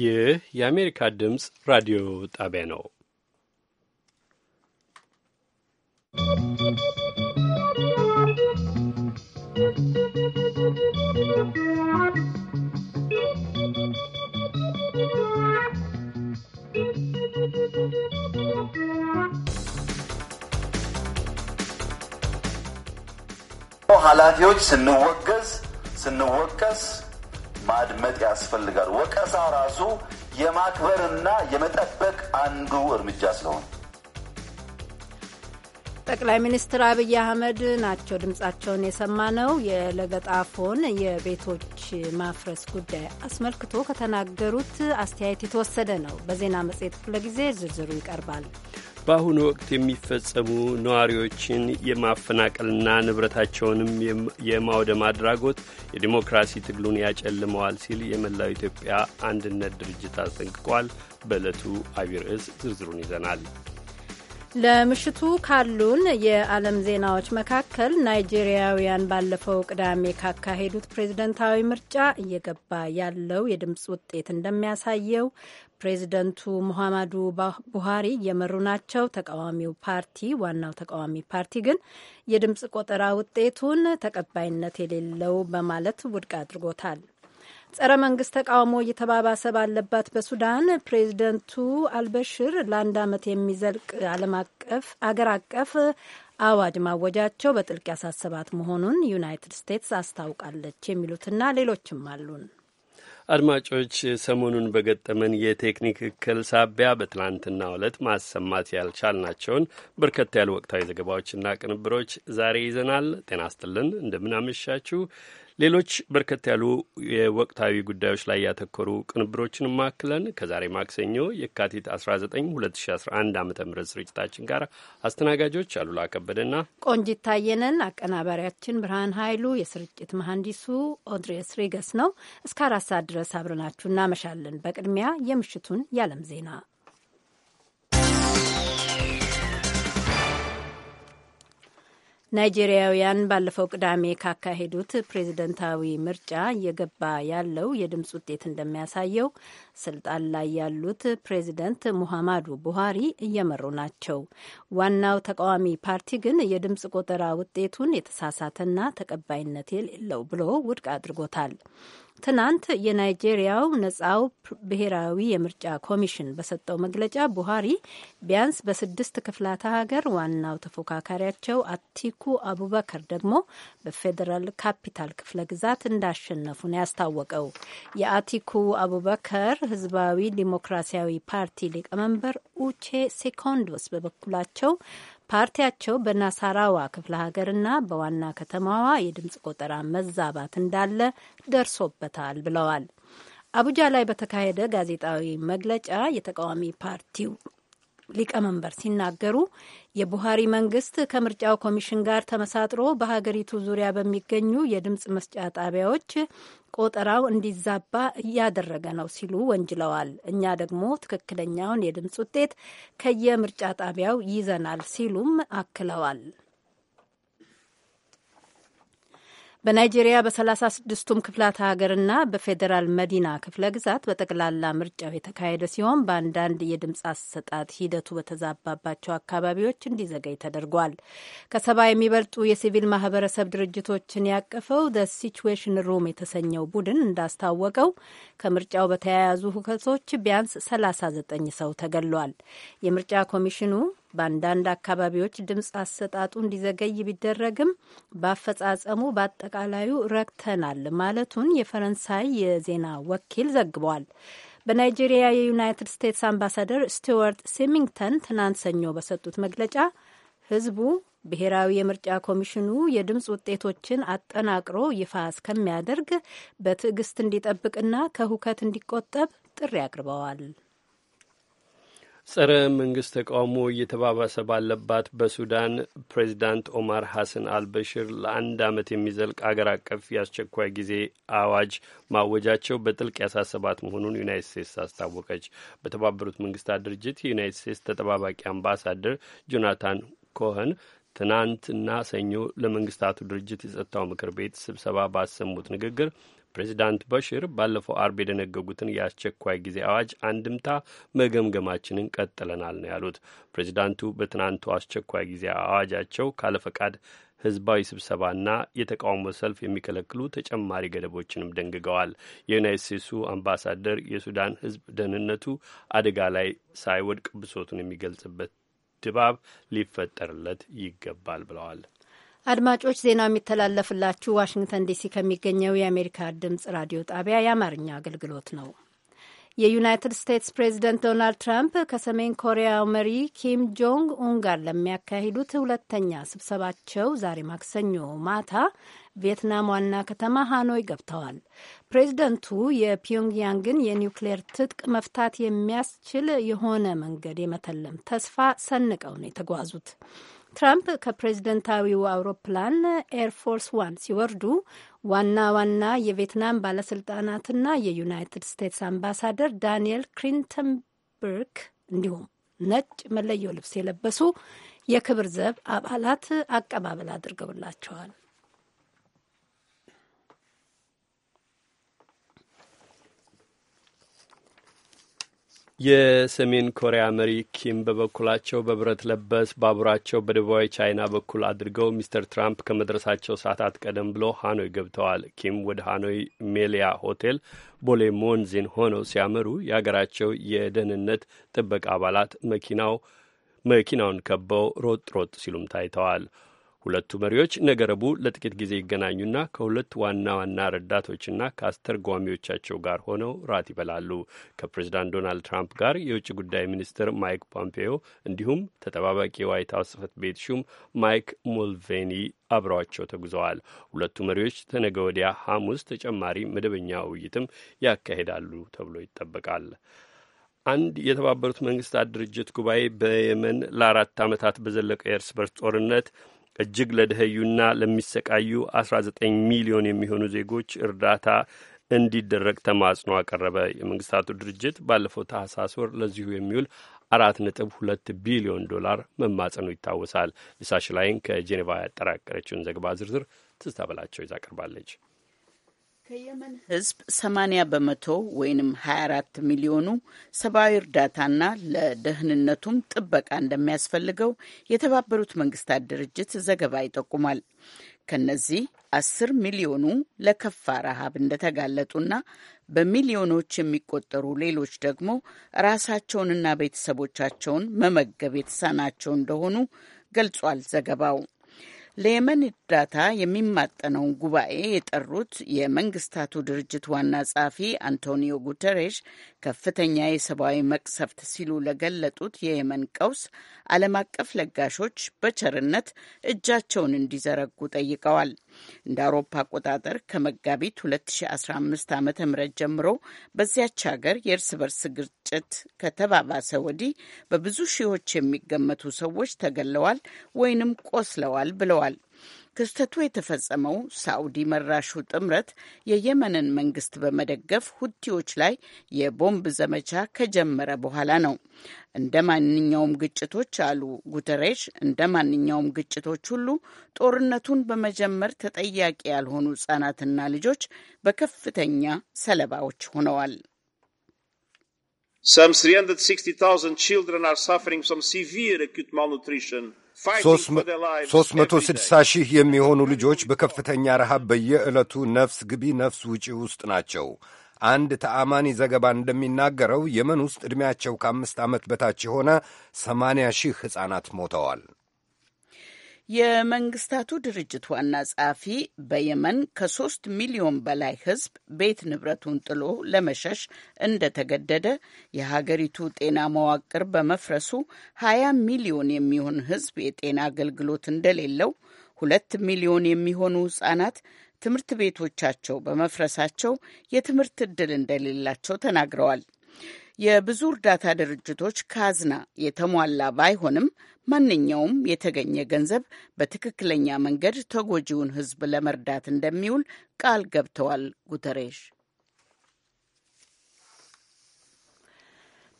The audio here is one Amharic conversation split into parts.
ይህ የአሜሪካ ድምፅ ራዲዮ ጣቢያ ነው። ኃላፊዎች ስንወገዝ ስንወቀስ ማድመጥ ያስፈልጋል። ወቀሳ ራሱ የማክበርና የመጠበቅ አንዱ እርምጃ ስለሆነ ጠቅላይ ሚኒስትር አብይ አህመድ ናቸው ድምጻቸውን ነው። የለገጣፎን የቤቶች ማፍረስ ጉዳይ አስመልክቶ ከተናገሩት አስተያየት የተወሰደ ነው። በዜና መጽሔት ክፍለ ጊዜ ዝርዝሩ ይቀርባል። በአሁኑ ወቅት የሚፈጸሙ ነዋሪዎችን የማፈናቀልና ንብረታቸውንም የማውደም አድራጎት የዲሞክራሲ ትግሉን ያጨልመዋል ሲል የመላው ኢትዮጵያ አንድነት ድርጅት አስጠንቅቋል። በዕለቱ አቢይ ርዕስ ዝርዝሩን ይዘናል። ለምሽቱ ካሉን የዓለም ዜናዎች መካከል ናይጄሪያውያን ባለፈው ቅዳሜ ካካሄዱት ፕሬዝደንታዊ ምርጫ እየገባ ያለው የድምፅ ውጤት እንደሚያሳየው ፕሬዚደንቱ ሙሐማዱ ቡሃሪ እየመሩ ናቸው። ተቃዋሚው ፓርቲ ዋናው ተቃዋሚ ፓርቲ ግን የድምፅ ቆጠራ ውጤቱን ተቀባይነት የሌለው በማለት ውድቅ አድርጎታል። ጸረ መንግስት ተቃውሞ እየተባባሰ ባለባት በሱዳን ፕሬዚደንቱ አልበሽር ለአንድ ዓመት የሚዘልቅ ዓለም አቀፍ አገር አቀፍ አዋጅ ማወጃቸው በጥልቅ ያሳሰባት መሆኑን ዩናይትድ ስቴትስ አስታውቃለች። የሚሉትና ሌሎችም አሉን። አድማጮች ሰሞኑን በገጠመን የቴክኒክ እክል ሳቢያ በትላንትና ዕለት ማሰማት ያልቻልናቸውን በርከት ያሉ ወቅታዊ ዘገባዎችና ቅንብሮች ዛሬ ይዘናል። ጤና ስጥልን እንደምናመሻችሁ። ሌሎች በርከት ያሉ የወቅታዊ ጉዳዮች ላይ ያተኮሩ ቅንብሮችን ማክለን ከዛሬ ማክሰኞ የካቲት 19 2011 ዓ ም ስርጭታችን ጋር አስተናጋጆች አሉላ ከበደና ቆንጂት ታየነን፣ አቀናባሪያችን ብርሃን ኃይሉ፣ የስርጭት መሐንዲሱ ኦድሬስ ሬገስ ነው። እስከ አራት ሰዓት ድረስ አብረናችሁ እናመሻለን። በቅድሚያ የምሽቱን የዓለም ዜና ናይጄሪያውያን ባለፈው ቅዳሜ ካካሄዱት ፕሬዝደንታዊ ምርጫ እየገባ ያለው የድምፅ ውጤት እንደሚያሳየው ስልጣን ላይ ያሉት ፕሬዝደንት ሙሐማዱ ቡሃሪ እየመሩ ናቸው። ዋናው ተቃዋሚ ፓርቲ ግን የድምፅ ቆጠራ ውጤቱን የተሳሳተና ተቀባይነት የሌለው ብሎ ውድቅ አድርጎታል። ትናንት የናይጄሪያው ነጻው ብሔራዊ የምርጫ ኮሚሽን በሰጠው መግለጫ ቡሃሪ ቢያንስ በስድስት ክፍላተ ሀገር ዋናው ተፎካካሪያቸው አቲኩ አቡበከር ደግሞ በፌዴራል ካፒታል ክፍለ ግዛት እንዳሸነፉ ነው ያስታወቀው። የአቲኩ አቡበከር ህዝባዊ ዲሞክራሲያዊ ፓርቲ ሊቀመንበር ኡቼ ሴኮንዶስ በበኩላቸው ፓርቲያቸው በናሳራዋ ክፍለ ሀገርና በዋና ከተማዋ የድምፅ ቆጠራ መዛባት እንዳለ ደርሶበታል ብለዋል። አቡጃ ላይ በተካሄደ ጋዜጣዊ መግለጫ የተቃዋሚ ፓርቲው ሊቀመንበር ሲናገሩ የቡሃሪ መንግስት ከምርጫው ኮሚሽን ጋር ተመሳጥሮ በሀገሪቱ ዙሪያ በሚገኙ የድምፅ መስጫ ጣቢያዎች ቆጠራው እንዲዛባ እያደረገ ነው ሲሉ ወንጅለዋል። እኛ ደግሞ ትክክለኛውን የድምፅ ውጤት ከየምርጫ ጣቢያው ይዘናል ሲሉም አክለዋል። በናይጄሪያ በ 36 ክፍላት ሀገርና በፌዴራል መዲና ክፍለ ግዛት በጠቅላላ ምርጫው የተካሄደ ሲሆን በአንዳንድ የድምፅ አሰጣጥ ሂደቱ በተዛባባቸው አካባቢዎች እንዲዘገይ ተደርጓል። ከሰባ የሚበልጡ የሲቪል ማህበረሰብ ድርጅቶችን ያቀፈው ደ ሲቹዌሽን ሩም የተሰኘው ቡድን እንዳስታወቀው ከምርጫው በተያያዙ ሁከቶች ቢያንስ 39 ሰው ተገሏል። የምርጫ ኮሚሽኑ በአንዳንድ አካባቢዎች ድምፅ አሰጣጡ እንዲዘገይ ቢደረግም በአፈጻጸሙ በአጠቃላዩ ረክተናል ማለቱን የፈረንሳይ የዜና ወኪል ዘግቧል። በናይጄሪያ የዩናይትድ ስቴትስ አምባሳደር ስቲዋርት ሲሚንግተን ትናንት ሰኞ በሰጡት መግለጫ ህዝቡ ብሔራዊ የምርጫ ኮሚሽኑ የድምፅ ውጤቶችን አጠናቅሮ ይፋ እስከሚያደርግ በትዕግስት እንዲጠብቅና ከሁከት እንዲቆጠብ ጥሪ አቅርበዋል። ጸረ መንግስት ተቃውሞ እየተባባሰ ባለባት በሱዳን ፕሬዚዳንት ኦማር ሐሰን አልበሽር ለአንድ ዓመት የሚዘልቅ አገር አቀፍ የአስቸኳይ ጊዜ አዋጅ ማወጃቸው በጥልቅ ያሳሰባት መሆኑን ዩናይት ስቴትስ አስታወቀች። በተባበሩት መንግስታት ድርጅት የዩናይት ስቴትስ ተጠባባቂ አምባሳደር ጆናታን ኮኸን ትናንትና ሰኞ ለመንግስታቱ ድርጅት የጸጥታው ምክር ቤት ስብሰባ ባሰሙት ንግግር ፕሬዚዳንት በሽር ባለፈው አርብ የደነገጉትን የአስቸኳይ ጊዜ አዋጅ አንድምታ መገምገማችንን ቀጥለናል ነው ያሉት። ፕሬዚዳንቱ በትናንቱ አስቸኳይ ጊዜ አዋጃቸው ካለፈቃድ ህዝባዊ ስብሰባና የተቃውሞ ሰልፍ የሚከለክሉ ተጨማሪ ገደቦችንም ደንግገዋል። የዩናይት ስቴትሱ አምባሳደር የሱዳን ህዝብ ደህንነቱ አደጋ ላይ ሳይወድቅ ብሶቱን የሚገልጽበት ድባብ ሊፈጠርለት ይገባል ብለዋል። አድማጮች ዜናው የሚተላለፍላችሁ ዋሽንግተን ዲሲ ከሚገኘው የአሜሪካ ድምጽ ራዲዮ ጣቢያ የአማርኛ አገልግሎት ነው። የዩናይትድ ስቴትስ ፕሬዚደንት ዶናልድ ትራምፕ ከሰሜን ኮሪያው መሪ ኪም ጆንግ ኡን ጋር ለሚያካሂዱት ሁለተኛ ስብሰባቸው ዛሬ ማክሰኞ ማታ ቪየትናም ዋና ከተማ ሃኖይ ገብተዋል። ፕሬዚደንቱ የፒዮንግያንግን የኒውክሌር ትጥቅ መፍታት የሚያስችል የሆነ መንገድ የመተለም ተስፋ ሰንቀው ነው የተጓዙት። ትራምፕ ከፕሬዝደንታዊው አውሮፕላን ኤርፎርስ ዋን ሲወርዱ ዋና ዋና የቪየትናም ባለስልጣናትና የዩናይትድ ስቴትስ አምባሳደር ዳንኤል ክሪንተንበርግ እንዲሁም ነጭ መለዮ ልብስ የለበሱ የክብር ዘብ አባላት አቀባበል አድርገውላቸዋል። የሰሜን ኮሪያ መሪ ኪም በበኩላቸው በብረት ለበስ ባቡራቸው በደቡባዊ ቻይና በኩል አድርገው ሚስተር ትራምፕ ከመድረሳቸው ሰዓታት ቀደም ብሎ ሃኖይ ገብተዋል። ኪም ወደ ሃኖይ ሜሊያ ሆቴል ቦሌ ሞንዚን ሆነው ሲያመሩ የሀገራቸው የደህንነት ጥበቃ አባላት መኪናው መኪናውን ከበው ሮጥ ሮጥ ሲሉም ታይተዋል። ሁለቱ መሪዎች ነገ ረቡዕ ለጥቂት ጊዜ ይገናኙና ከሁለት ዋና ዋና ረዳቶችና ከአስተርጓሚዎቻቸው ጋር ሆነው ራት ይበላሉ። ከፕሬዚዳንት ዶናልድ ትራምፕ ጋር የውጭ ጉዳይ ሚኒስትር ማይክ ፖምፔዮ እንዲሁም ተጠባባቂ የዋይት ሀውስ ቤት ሹም ማይክ ሙልቬኒ አብረዋቸው ተጉዘዋል። ሁለቱ መሪዎች ተነገ ወዲያ ሐሙስ ተጨማሪ መደበኛ ውይይትም ያካሂዳሉ ተብሎ ይጠበቃል። አንድ የተባበሩት መንግስታት ድርጅት ጉባኤ በየመን ለአራት ዓመታት በዘለቀ የእርስ በርስ ጦርነት እጅግ ለደህዩና ለሚሰቃዩ 19 ሚሊዮን የሚሆኑ ዜጎች እርዳታ እንዲደረግ ተማጽኖ አቀረበ። የመንግስታቱ ድርጅት ባለፈው ታህሳስ ወር ለዚሁ የሚውል አራት ነጥብ ሁለት ቢሊዮን ዶላር መማጸኑ ይታወሳል። ሊሳሽ ላይን ከጄኔቫ ያጠራቀረችውን ዘገባ ዝርዝር ትዝታ በላቸው ይዛ ቀርባለች። ከየመን ህዝብ 80 በመቶ ወይም 24 ሚሊዮኑ ሰብአዊ እርዳታና ለደህንነቱም ጥበቃ እንደሚያስፈልገው የተባበሩት መንግስታት ድርጅት ዘገባ ይጠቁማል። ከነዚህ 10 ሚሊዮኑ ለከፋ ረሃብ እንደተጋለጡና በሚሊዮኖች የሚቆጠሩ ሌሎች ደግሞ ራሳቸውንና ቤተሰቦቻቸውን መመገብ የተሳናቸው እንደሆኑ ገልጿል ዘገባው። ለየመን እርዳታ የሚማጠነውን ጉባኤ የጠሩት የመንግስታቱ ድርጅት ዋና ጸሐፊ አንቶኒዮ ጉተሬሽ ከፍተኛ የሰብአዊ መቅሰፍት ሲሉ ለገለጡት የየመን ቀውስ ዓለም አቀፍ ለጋሾች በቸርነት እጃቸውን እንዲዘረጉ ጠይቀዋል። እንደ አውሮፓ አቆጣጠር ከመጋቢት 2015 ዓ ም ጀምሮ በዚያች ሀገር የእርስ በርስ ግጭት ከተባባሰ ወዲህ በብዙ ሺዎች የሚገመቱ ሰዎች ተገለዋል ወይንም ቆስለዋል ብለዋል ክስተቱ የተፈጸመው ሳዑዲ መራሹ ጥምረት የየመንን መንግስት በመደገፍ ሁቲዎች ላይ የቦምብ ዘመቻ ከጀመረ በኋላ ነው። እንደ ማንኛውም ግጭቶች አሉ ጉተሬሽ፣ እንደ ማንኛውም ግጭቶች ሁሉ ጦርነቱን በመጀመር ተጠያቂ ያልሆኑ ህጻናትና ልጆች በከፍተኛ ሰለባዎች ሆነዋል። Some 360,000 children are suffering from severe acute malnutrition. ሦስት መቶ ሺህ የሚሆኑ ልጆች በከፍተኛ ረሃብ በየዕለቱ ነፍስ ግቢ ነፍስ ውጪ ውስጥ ናቸው። አንድ ተአማኒ ዘገባ እንደሚናገረው የመን ውስጥ ዕድሜያቸው ከአምስት ዓመት በታች የሆነ ሰማንያ ሺህ ሕፃናት ሞተዋል። የመንግስታቱ ድርጅት ዋና ጸሐፊ በየመን ከሶስት ሚሊዮን በላይ ህዝብ ቤት ንብረቱን ጥሎ ለመሸሽ እንደተገደደ የሀገሪቱ ጤና መዋቅር በመፍረሱ ሀያ ሚሊዮን የሚሆን ህዝብ የጤና አገልግሎት እንደሌለው፣ ሁለት ሚሊዮን የሚሆኑ ህጻናት ትምህርት ቤቶቻቸው በመፍረሳቸው የትምህርት ዕድል እንደሌላቸው ተናግረዋል። የብዙ እርዳታ ድርጅቶች ካዝና የተሟላ ባይሆንም ማንኛውም የተገኘ ገንዘብ በትክክለኛ መንገድ ተጎጂውን ሕዝብ ለመርዳት እንደሚውል ቃል ገብተዋል ጉተሬሽ።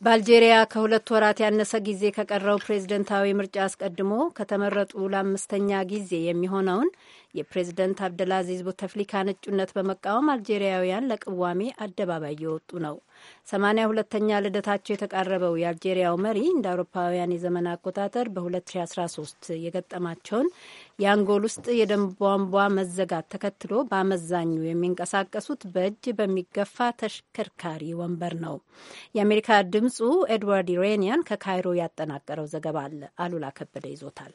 በአልጄሪያ ከሁለት ወራት ያነሰ ጊዜ ከቀረው ፕሬዝደንታዊ ምርጫ አስቀድሞ ከተመረጡ ለአምስተኛ ጊዜ የሚሆነውን የፕሬዝደንት አብደልአዚዝ ቡተፍሊካን እጩነት በመቃወም አልጄሪያውያን ለቅዋሜ አደባባይ እየወጡ ነው። ሰማኒያ ሁለተኛ ልደታቸው የተቃረበው የአልጄሪያው መሪ እንደ አውሮፓውያን የዘመን አቆጣጠር በ2013 የገጠማቸውን የአንጎል ውስጥ የደም ቧንቧ መዘጋት ተከትሎ በአመዛኙ የሚንቀሳቀሱት በእጅ በሚገፋ ተሽከርካሪ ወንበር ነው። የአሜሪካ ድምጹ ኤድዋርድ ዩሬኒያን ከካይሮ ያጠናቀረው ዘገባ አለ። አሉላ ከበደ ይዞታል።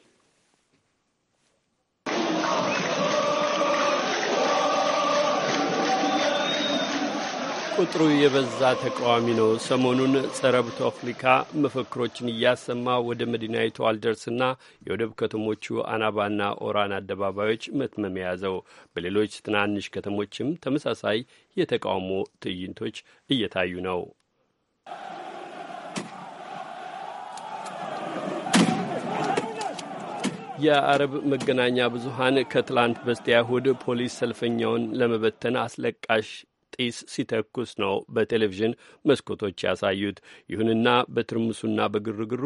ቁጥሩ የበዛ ተቃዋሚ ነው። ሰሞኑን ጸረ ቡታፍሊካ መፈክሮችን እያሰማ ወደ መዲናይቱ አልደርስና የወደብ ከተሞቹ አናባና ኦራን አደባባዮች መትመም የያዘው በሌሎች ትናንሽ ከተሞችም ተመሳሳይ የተቃውሞ ትዕይንቶች እየታዩ ነው። የአረብ መገናኛ ብዙኃን ከትላንት በስቲያ እሁድ ፖሊስ ሰልፈኛውን ለመበተን አስለቃሽ ጢስ ሲተኩስ ነው በቴሌቪዥን መስኮቶች ያሳዩት። ይሁንና በትርምሱና በግርግሩ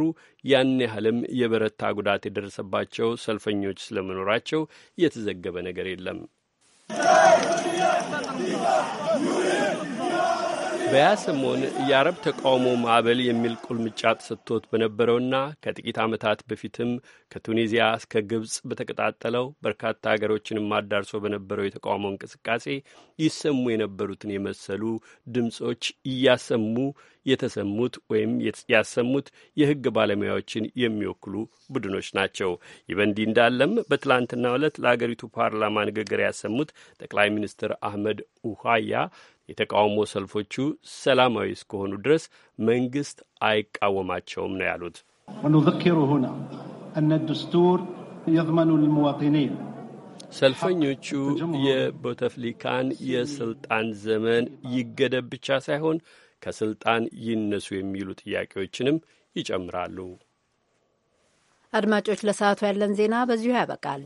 ያን ያህልም የበረታ ጉዳት የደረሰባቸው ሰልፈኞች ስለመኖራቸው የተዘገበ ነገር የለም። በያ ሰሞን የአረብ ተቃውሞ ማዕበል የሚል ቁልምጫ ተሰጥቶት በነበረውና ከጥቂት ዓመታት በፊትም ከቱኒዚያ እስከ ግብፅ በተቀጣጠለው በርካታ አገሮችንም አዳርሶ በነበረው የተቃውሞ እንቅስቃሴ ይሰሙ የነበሩትን የመሰሉ ድምፆች እያሰሙ የተሰሙት ወይም ያሰሙት የሕግ ባለሙያዎችን የሚወክሉ ቡድኖች ናቸው። ይህ በእንዲህ እንዳለም በትላንትናው ዕለት ለአገሪቱ ፓርላማ ንግግር ያሰሙት ጠቅላይ ሚኒስትር አህመድ ኡሃያ የተቃውሞ ሰልፎቹ ሰላማዊ እስከሆኑ ድረስ መንግስት አይቃወማቸውም ነው ያሉት። ወኑዘኪሩ ሁና አነ የዝመኑ ልሙዋጢኒን ሰልፈኞቹ የቦተፍሊካን የስልጣን ዘመን ይገደብ ብቻ ሳይሆን ከስልጣን ይነሱ የሚሉ ጥያቄዎችንም ይጨምራሉ። አድማጮች፣ ለሰዓቱ ያለን ዜና በዚሁ ያበቃል።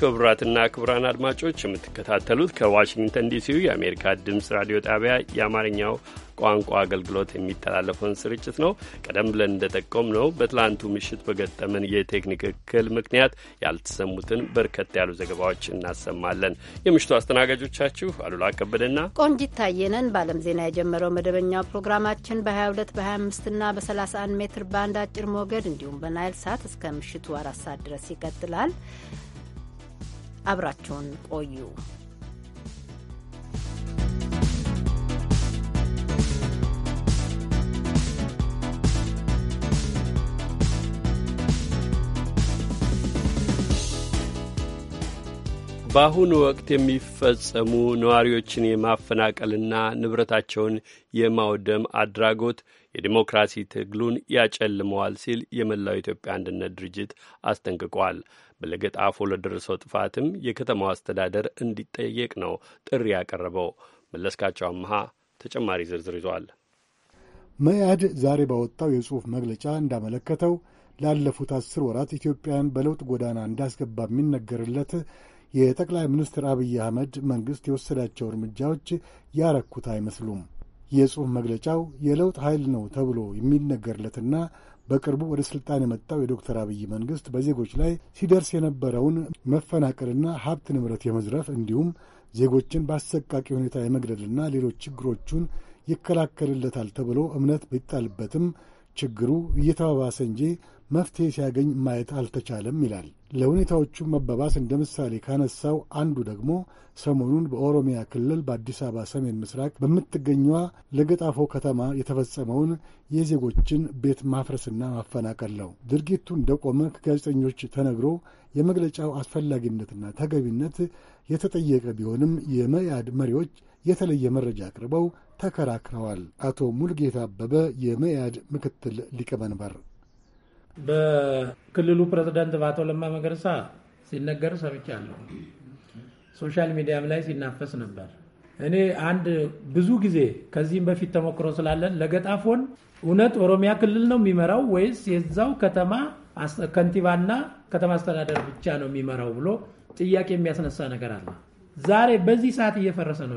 ክቡራትና ክቡራን አድማጮች የምትከታተሉት ከዋሽንግተን ዲሲው የአሜሪካ ድምፅ ራዲዮ ጣቢያ የአማርኛው ቋንቋ አገልግሎት የሚተላለፈውን ስርጭት ነው። ቀደም ብለን እንደጠቆም ነው በትላንቱ ምሽት በገጠመን የቴክኒክ እክል ምክንያት ያልተሰሙትን በርከት ያሉ ዘገባዎች እናሰማለን። የምሽቱ አስተናጋጆቻችሁ አሉላ ከበደና ቆንጂት ታየነን። በዓለም ዜና የጀመረው መደበኛው ፕሮግራማችን በ22 በ25ና በ31 ሜትር ባንድ አጭር ሞገድ እንዲሁም በናይል ሳት እስከ ምሽቱ አራት ሰዓት ድረስ ይቀጥላል። አብራችሁን ቆዩ። በአሁኑ ወቅት የሚፈጸሙ ነዋሪዎችን የማፈናቀልና ንብረታቸውን የማውደም አድራጎት የዲሞክራሲ ትግሉን ያጨልመዋል ሲል የመላው ኢትዮጵያ አንድነት ድርጅት አስጠንቅቋል። በለገጣፎ ለደረሰው ጥፋትም የከተማው አስተዳደር እንዲጠየቅ ነው ጥሪ ያቀረበው። መለስካቸው አምሃ ተጨማሪ ዝርዝር ይዟል። መያድ ዛሬ ባወጣው የጽሑፍ መግለጫ እንዳመለከተው ላለፉት አስር ወራት ኢትዮጵያን በለውጥ ጎዳና እንዳስገባ የሚነገርለት የጠቅላይ ሚኒስትር አብይ አህመድ መንግሥት የወሰዳቸው እርምጃዎች ያረኩት አይመስሉም። የጽሑፍ መግለጫው የለውጥ ኃይል ነው ተብሎ የሚነገርለትና በቅርቡ ወደ ስልጣን የመጣው የዶክተር አብይ መንግስት በዜጎች ላይ ሲደርስ የነበረውን መፈናቀልና ሀብት ንብረት የመዝረፍ እንዲሁም ዜጎችን በአሰቃቂ ሁኔታ የመግደልና ሌሎች ችግሮቹን ይከላከልለታል ተብሎ እምነት ቢጣልበትም ችግሩ እየተባባሰ እንጂ መፍትሄ ሲያገኝ ማየት አልተቻለም ይላል። ለሁኔታዎቹ መባባስ እንደ ምሳሌ ካነሳው አንዱ ደግሞ ሰሞኑን በኦሮሚያ ክልል በአዲስ አበባ ሰሜን ምስራቅ በምትገኘዋ ለገጣፎ ከተማ የተፈጸመውን የዜጎችን ቤት ማፍረስና ማፈናቀል ነው። ድርጊቱ እንደቆመ ከጋዜጠኞች ተነግሮ የመግለጫው አስፈላጊነትና ተገቢነት የተጠየቀ ቢሆንም የመያድ መሪዎች የተለየ መረጃ አቅርበው ተከራክረዋል። አቶ ሙልጌታ አበበ የመያድ ምክትል ሊቀመንበር በክልሉ ፕሬዝዳንት በአቶ ለማ መገርሳ ሲነገር ሰምቻለሁ። ሶሻል ሚዲያም ላይ ሲናፈስ ነበር። እኔ አንድ ብዙ ጊዜ ከዚህም በፊት ተሞክሮ ስላለን ለገጣፎን እውነት ኦሮሚያ ክልል ነው የሚመራው ወይስ የዛው ከተማ ከንቲባና ከተማ አስተዳደር ብቻ ነው የሚመራው ብሎ ጥያቄ የሚያስነሳ ነገር አለ። ዛሬ በዚህ ሰዓት እየፈረሰ ነው።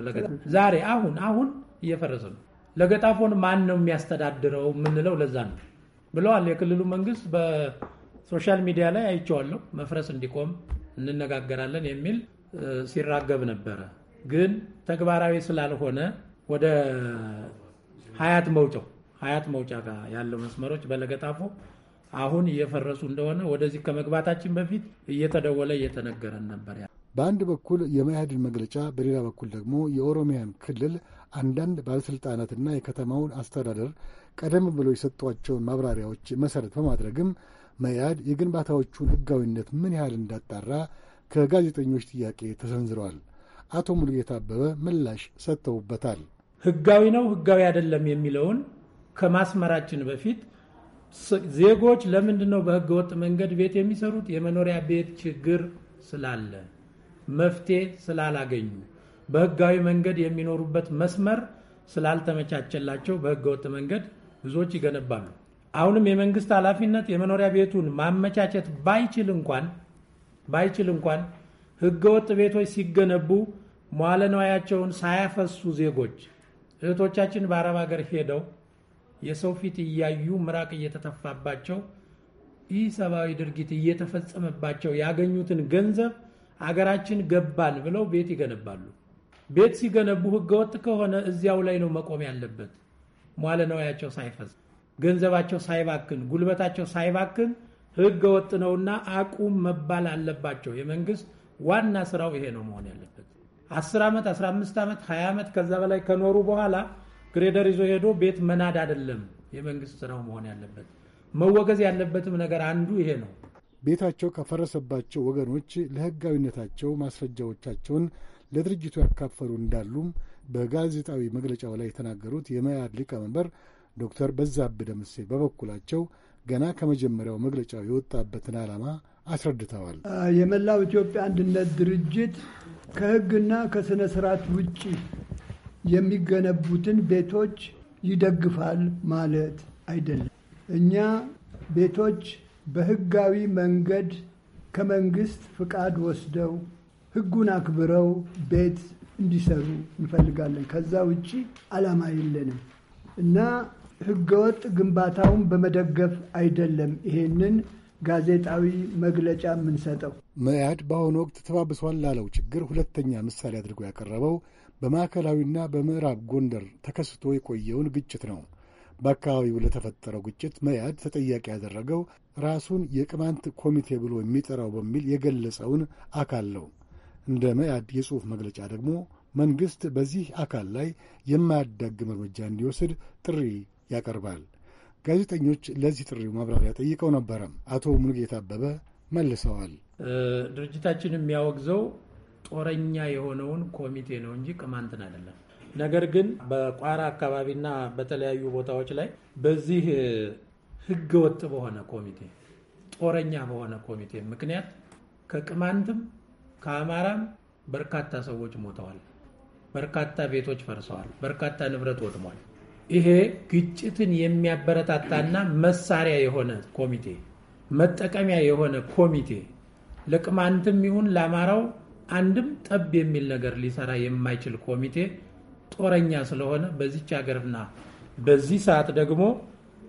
ዛሬ አሁን አሁን እየፈረሰ ነው። ለገጣፎን ማን ነው የሚያስተዳድረው የምንለው ለዛ ነው። ብለዋል። የክልሉ መንግስት በሶሻል ሚዲያ ላይ አይቼዋለሁ። መፍረስ እንዲቆም እንነጋገራለን የሚል ሲራገብ ነበረ። ግን ተግባራዊ ስላልሆነ ወደ ሀያት መውጫው ሀያት መውጫ ጋር ያለው መስመሮች በለገጣፎ አሁን እየፈረሱ እንደሆነ ወደዚህ ከመግባታችን በፊት እየተደወለ እየተነገረን ነበር። በአንድ በኩል የመያድን መግለጫ፣ በሌላ በኩል ደግሞ የኦሮሚያን ክልል አንዳንድ ባለሥልጣናትና የከተማውን አስተዳደር ቀደም ብሎ የሰጧቸውን ማብራሪያዎች መሠረት በማድረግም መያድ የግንባታዎቹን ሕጋዊነት ምን ያህል እንዳጣራ ከጋዜጠኞች ጥያቄ ተሰንዝረዋል። አቶ ሙሉጌታ አበበ ምላሽ ሰጥተውበታል። ሕጋዊ ነው ሕጋዊ አይደለም የሚለውን ከማስመራችን በፊት ዜጎች ለምንድን ነው በሕገ ወጥ መንገድ ቤት የሚሰሩት? የመኖሪያ ቤት ችግር ስላለ መፍትሄ ስላላገኙ በሕጋዊ መንገድ የሚኖሩበት መስመር ስላልተመቻቸላቸው በሕገ ወጥ መንገድ ብዙዎች ይገነባሉ። አሁንም የመንግስት ኃላፊነት የመኖሪያ ቤቱን ማመቻቸት ባይችል እንኳን ባይችል እንኳን ህገወጥ ቤቶች ሲገነቡ መዋለ ንዋያቸውን ሳያፈሱ ዜጎች እህቶቻችን በአረብ ሀገር ሄደው የሰው ፊት እያዩ ምራቅ እየተተፋባቸው ይህ ሰብአዊ ድርጊት እየተፈጸመባቸው ያገኙትን ገንዘብ አገራችን ገባን ብለው ቤት ይገነባሉ። ቤት ሲገነቡ ህገወጥ ከሆነ እዚያው ላይ ነው መቆም ያለበት። ሟለ ነዋያቸው ሳይፈዝ ገንዘባቸው ሳይባክን ጉልበታቸው ሳይባክን ህገ ወጥ ነውና አቁም መባል አለባቸው። የመንግስት ዋና ስራው ይሄ ነው መሆን ያለበት። አስር ዓመት 15 ዓመት ሀያ ዓመት ከዛ በላይ ከኖሩ በኋላ ግሬደር ይዞ ሄዶ ቤት መናድ አይደለም የመንግስት ስራው መሆን ያለበት። መወገዝ ያለበትም ነገር አንዱ ይሄ ነው። ቤታቸው ከፈረሰባቸው ወገኖች ለህጋዊነታቸው ማስረጃዎቻቸውን ለድርጅቱ ያካፈሉ እንዳሉም በጋዜጣዊ መግለጫው ላይ የተናገሩት የመያድ ሊቀመንበር ዶክተር በዛብህ ደምሴ በበኩላቸው ገና ከመጀመሪያው መግለጫው የወጣበትን ዓላማ አስረድተዋል። የመላው ኢትዮጵያ አንድነት ድርጅት ከሕግና ከሥነ ሥርዓት ውጭ የሚገነቡትን ቤቶች ይደግፋል ማለት አይደለም። እኛ ቤቶች በሕጋዊ መንገድ ከመንግስት ፍቃድ ወስደው ሕጉን አክብረው ቤት እንዲሰሩ እንፈልጋለን። ከዛ ውጭ አላማ የለንም እና ህገወጥ ግንባታውን በመደገፍ አይደለም ይሄንን ጋዜጣዊ መግለጫ የምንሰጠው። መያድ በአሁኑ ወቅት ተባብሷል ላለው ችግር ሁለተኛ ምሳሌ አድርጎ ያቀረበው በማዕከላዊና በምዕራብ ጎንደር ተከስቶ የቆየውን ግጭት ነው። በአካባቢው ለተፈጠረው ግጭት መያድ ተጠያቂ ያደረገው ራሱን የቅማንት ኮሚቴ ብሎ የሚጠራው በሚል የገለጸውን አካል ነው። እንደ መያድ የጽሑፍ መግለጫ ደግሞ መንግሥት በዚህ አካል ላይ የማያዳግም እርምጃ እንዲወስድ ጥሪ ያቀርባል። ጋዜጠኞች ለዚህ ጥሪው ማብራሪያ ጠይቀው ነበረ። አቶ ሙሉጌታ አበበ መልሰዋል። ድርጅታችን የሚያወግዘው ጦረኛ የሆነውን ኮሚቴ ነው እንጂ ቅማንትን አይደለም። ነገር ግን በቋራ አካባቢና በተለያዩ ቦታዎች ላይ በዚህ ህገወጥ ወጥ በሆነ ኮሚቴ ጦረኛ በሆነ ኮሚቴ ምክንያት ከቅማንትም ከአማራም በርካታ ሰዎች ሞተዋል። በርካታ ቤቶች ፈርሰዋል። በርካታ ንብረት ወድሟል። ይሄ ግጭትን የሚያበረታታና መሳሪያ የሆነ ኮሚቴ፣ መጠቀሚያ የሆነ ኮሚቴ ለቅማንትም ይሁን ለአማራው አንድም ጠብ የሚል ነገር ሊሰራ የማይችል ኮሚቴ ጦረኛ ስለሆነ በዚች ሀገርና በዚህ ሰዓት ደግሞ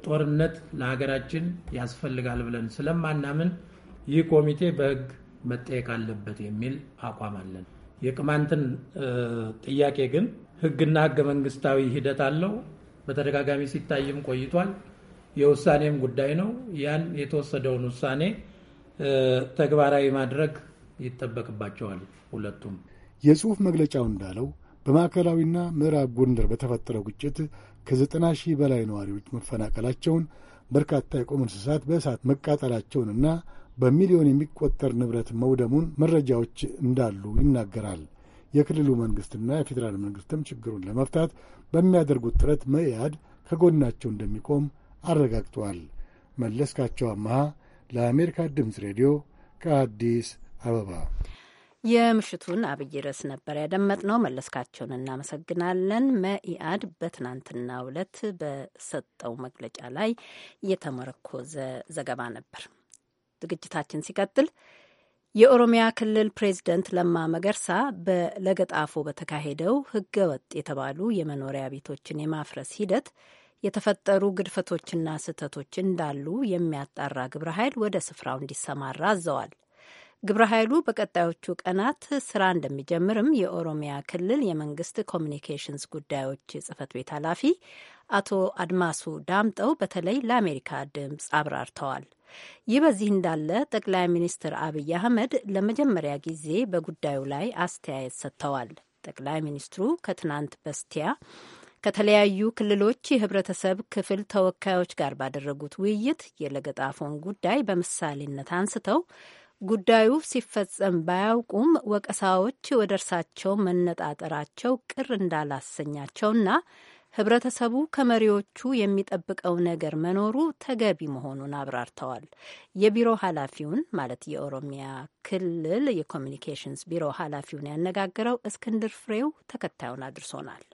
ጦርነት ለሀገራችን ያስፈልጋል ብለን ስለማናምን ይህ ኮሚቴ በሕግ መጠየቅ አለበት የሚል አቋም አለን። የቅማንትን ጥያቄ ግን ህግና ህገ መንግስታዊ ሂደት አለው። በተደጋጋሚ ሲታይም ቆይቷል። የውሳኔም ጉዳይ ነው። ያን የተወሰደውን ውሳኔ ተግባራዊ ማድረግ ይጠበቅባቸዋል። ሁለቱም የጽሑፍ መግለጫው እንዳለው በማዕከላዊና ምዕራብ ጎንደር በተፈጠረው ግጭት ከዘጠና ሺህ በላይ ነዋሪዎች መፈናቀላቸውን በርካታ የቁም እንስሳት በእሳት መቃጠላቸውንና በሚሊዮን የሚቆጠር ንብረት መውደሙን መረጃዎች እንዳሉ ይናገራል። የክልሉ መንግሥትና የፌዴራል መንግሥትም ችግሩን ለመፍታት በሚያደርጉት ጥረት መኢአድ ከጎናቸው እንደሚቆም አረጋግጠዋል። መለስካቸው አመሃ ለአሜሪካ ድምፅ ሬዲዮ ከአዲስ አበባ የምሽቱን አብይ ርዕስ ነበር ያደመጥነው። መለስካቸውን እናመሰግናለን። መኢአድ በትናንትናው ዕለት በሰጠው መግለጫ ላይ የተመረኮዘ ዘገባ ነበር። ዝግጅታችን ሲቀጥል የኦሮሚያ ክልል ፕሬዚደንት ለማ መገርሳ በለገጣፎ በተካሄደው ህገ ወጥ የተባሉ የመኖሪያ ቤቶችን የማፍረስ ሂደት የተፈጠሩ ግድፈቶችና ስህተቶች እንዳሉ የሚያጣራ ግብረ ኃይል ወደ ስፍራው እንዲሰማራ አዘዋል። ግብረ ኃይሉ በቀጣዮቹ ቀናት ስራ እንደሚጀምርም የኦሮሚያ ክልል የመንግስት ኮሚኒኬሽንስ ጉዳዮች ጽህፈት ቤት ኃላፊ አቶ አድማሱ ዳምጠው በተለይ ለአሜሪካ ድምፅ አብራርተዋል። ይህ በዚህ እንዳለ ጠቅላይ ሚኒስትር አብይ አህመድ ለመጀመሪያ ጊዜ በጉዳዩ ላይ አስተያየት ሰጥተዋል። ጠቅላይ ሚኒስትሩ ከትናንት በስቲያ ከተለያዩ ክልሎች የህብረተሰብ ክፍል ተወካዮች ጋር ባደረጉት ውይይት የለገጣፎን ጉዳይ በምሳሌነት አንስተው ጉዳዩ ሲፈጸም ባያውቁም ወቀሳዎች ወደ እርሳቸው መነጣጠራቸው ቅር እንዳላሰኛቸውና ህብረተሰቡ ከመሪዎቹ የሚጠብቀው ነገር መኖሩ ተገቢ መሆኑን አብራርተዋል። የቢሮ ኃላፊውን ማለት የኦሮሚያ ክልል የኮሚኒኬሽንስ ቢሮ ኃላፊውን ያነጋግረው እስክንድር ፍሬው ተከታዩን አድርሶናል።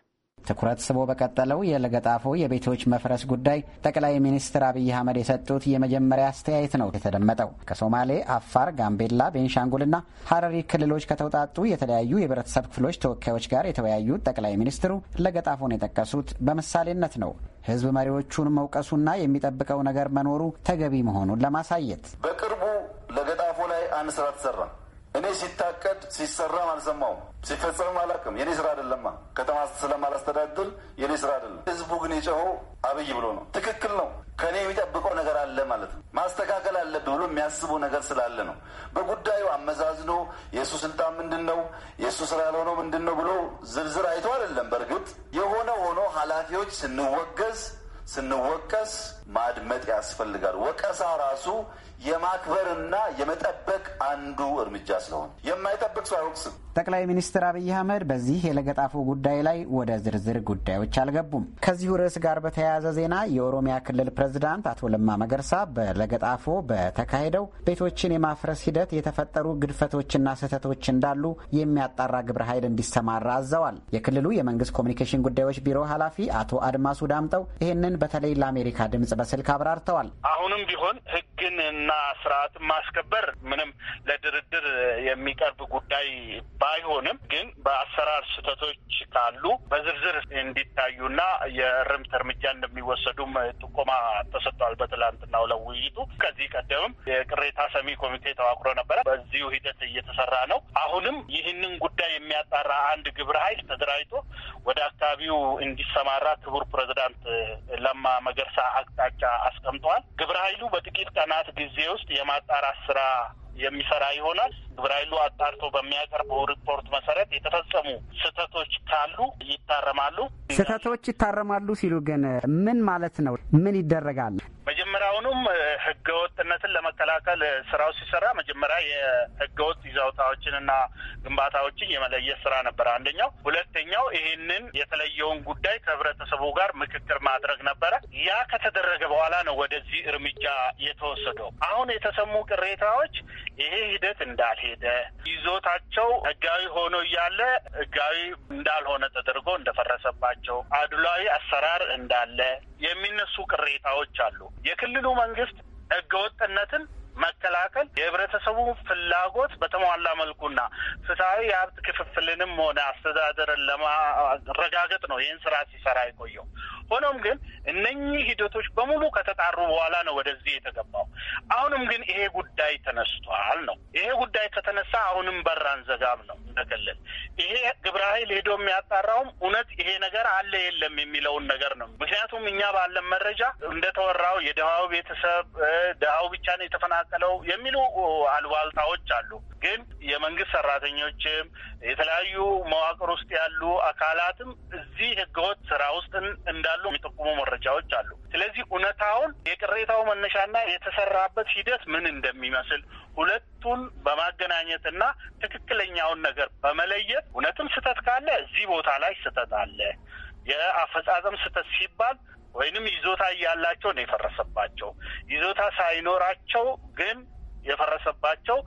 ትኩረት ስቦ በቀጠለው የለገጣፎ የቤቶች መፍረስ ጉዳይ ጠቅላይ ሚኒስትር አብይ አህመድ የሰጡት የመጀመሪያ አስተያየት ነው የተደመጠው። ከሶማሌ፣ አፋር፣ ጋምቤላ፣ ቤንሻንጉልና ሀረሪ ክልሎች ከተውጣጡ የተለያዩ የህብረተሰብ ክፍሎች ተወካዮች ጋር የተወያዩት ጠቅላይ ሚኒስትሩ ለገጣፎን የጠቀሱት በምሳሌነት ነው። ህዝብ መሪዎቹን መውቀሱና የሚጠብቀው ነገር መኖሩ ተገቢ መሆኑን ለማሳየት በቅርቡ ለገጣፎ ላይ አንድ ስራ ተሰራ። እኔ ሲታቀድ ሲሰራም አልሰማውም፣ ሲፈጸምም አላውቅም። የኔ ስራ አይደለማ። ከተማ ስለማላስተዳድር የኔ ስራ አይደለም። ህዝቡ ግን የጮኸው አብይ ብሎ ነው። ትክክል ነው። ከእኔ የሚጠብቀው ነገር አለ ማለት ነው። ማስተካከል አለብህ ብሎ የሚያስበው ነገር ስላለ ነው። በጉዳዩ አመዛዝኖ የእሱ ስልጣን ምንድን ነው፣ የእሱ ስራ ያልሆነው ምንድን ነው ብሎ ዝርዝር አይቶ አይደለም። በእርግጥ የሆነ ሆኖ ኃላፊዎች ስንወገዝ ስንወቀስ ማድመጥ ያስፈልጋል። ወቀሳ ራሱ የማክበርና የመጠበቅ አንዱ እርምጃ ስለሆነ የማይጠብቅ ሰው አይወቅስም። ጠቅላይ ሚኒስትር አብይ አህመድ በዚህ የለገጣፎ ጉዳይ ላይ ወደ ዝርዝር ጉዳዮች አልገቡም። ከዚሁ ርዕስ ጋር በተያያዘ ዜና የኦሮሚያ ክልል ፕሬዝዳንት አቶ ለማ መገርሳ በለገጣፎ በተካሄደው ቤቶችን የማፍረስ ሂደት የተፈጠሩ ግድፈቶችና ስህተቶች እንዳሉ የሚያጣራ ግብረ ኃይል እንዲሰማራ አዘዋል። የክልሉ የመንግስት ኮሚኒኬሽን ጉዳዮች ቢሮ ኃላፊ አቶ አድማሱ ዳምጠው ይህንን በተለይ ለአሜሪካ ድምጽ በስልክ አብራርተዋል። አሁንም ቢሆን ህግን እና ስርዓትን ማስከበር ምንም ለድርድር የሚቀርብ ጉዳይ ባይሆንም ግን በአሰራር ስህተቶች ካሉ በዝርዝር እንዲታዩና የእርምት እርምጃ እንደሚወሰዱም ጥቆማ ተሰጥቷል። በትላንትናው ለውይይቱ ከዚህ ቀደምም የቅሬታ ሰሚ ኮሚቴ ተዋቅሮ ነበረ። በዚሁ ሂደት እየተሰራ ነው። አሁንም ይህንን ጉዳይ የሚያጣራ አንድ ግብረ ኃይል ተደራጅቶ ወደ አካባቢው እንዲሰማራ ክቡር ፕሬዚዳንት ለማ መገርሳ አቅጣ አቅጣጫ አስቀምጧል። ግብረ ኃይሉ በጥቂት ቀናት ጊዜ ውስጥ የማጣራት ስራ የሚሰራ ይሆናል። ግብረ ኃይሉ አጣርቶ በሚያቀርበው ሪፖርት መሰረት የተፈጸሙ ስህተቶች ካሉ ይታረማሉ። ስህተቶች ይታረማሉ ሲሉ ግን ምን ማለት ነው? ምን ይደረጋል? መጀመሪያውኑም ህገወጥነትን ለመከላከል ስራው ሲሰራ መጀመሪያ የህገወጥ ይዞታዎችንና ግንባታዎችን የመለየት ስራ ነበር አንደኛው። ሁለተኛው ይህንን የተለየውን ጉዳይ ከህብረተሰቡ ጋር ምክክር ማድረግ ነበረ። ያ ከተደረገ በኋላ ነው ወደዚህ እርምጃ የተወሰደው። አሁን የተሰሙ ቅሬታዎች ይሄ ሂደት እንዳልሄደ ይዞታቸው ህጋዊ ሆኖ እያለ ህጋዊ እንዳልሆነ ተደርጎ እንደፈረሰባቸው አድሏዊ አሰራር እንዳለ የሚነሱ ቅሬታዎች አሉ። የክልሉ መንግስት ህገወጥነትን መከላከል የህብረተሰቡ ፍላጎት በተሟላ መልኩና ፍትሐዊ የሀብት ክፍፍልንም ሆነ አስተዳደርን ለማረጋገጥ ነው ይህን ስራ ሲሰራ የቆየው። ሆኖም ግን እነኚህ ሂደቶች በሙሉ ከተጣሩ በኋላ ነው ወደዚህ የተገባው። አሁንም ግን ይሄ ጉዳይ ተነስቷል ነው። ይሄ ጉዳይ ከተነሳ አሁንም በር አንዘጋም ነው እንደክልል ይሄ ግብረ ኃይል ሄዶ የሚያጣራውም እውነት ይሄ ነገር አለ የለም የሚለውን ነገር ነው። ምክንያቱም እኛ ባለን መረጃ እንደተወራው የድሃው ቤተሰብ ድሃው ብቻ ነው የተፈና የተቀላቀለው የሚሉ አልባልታዎች አሉ። ግን የመንግስት ሰራተኞችም የተለያዩ መዋቅር ውስጥ ያሉ አካላትም እዚህ ህገወጥ ስራ ውስጥ እንዳሉ የሚጠቁሙ መረጃዎች አሉ። ስለዚህ እውነታውን የቅሬታው መነሻና የተሰራበት ሂደት ምን እንደሚመስል ሁለቱን በማገናኘትና ትክክለኛውን ነገር በመለየት እውነትም ስህተት ካለ እዚህ ቦታ ላይ ስህተት አለ የአፈጻጸም ስህተት ሲባል ወይንም ይዞታ እያላቸው ነው የፈረሰባቸው። ይዞታ ሳይኖራቸው ግን የፈረሰባቸው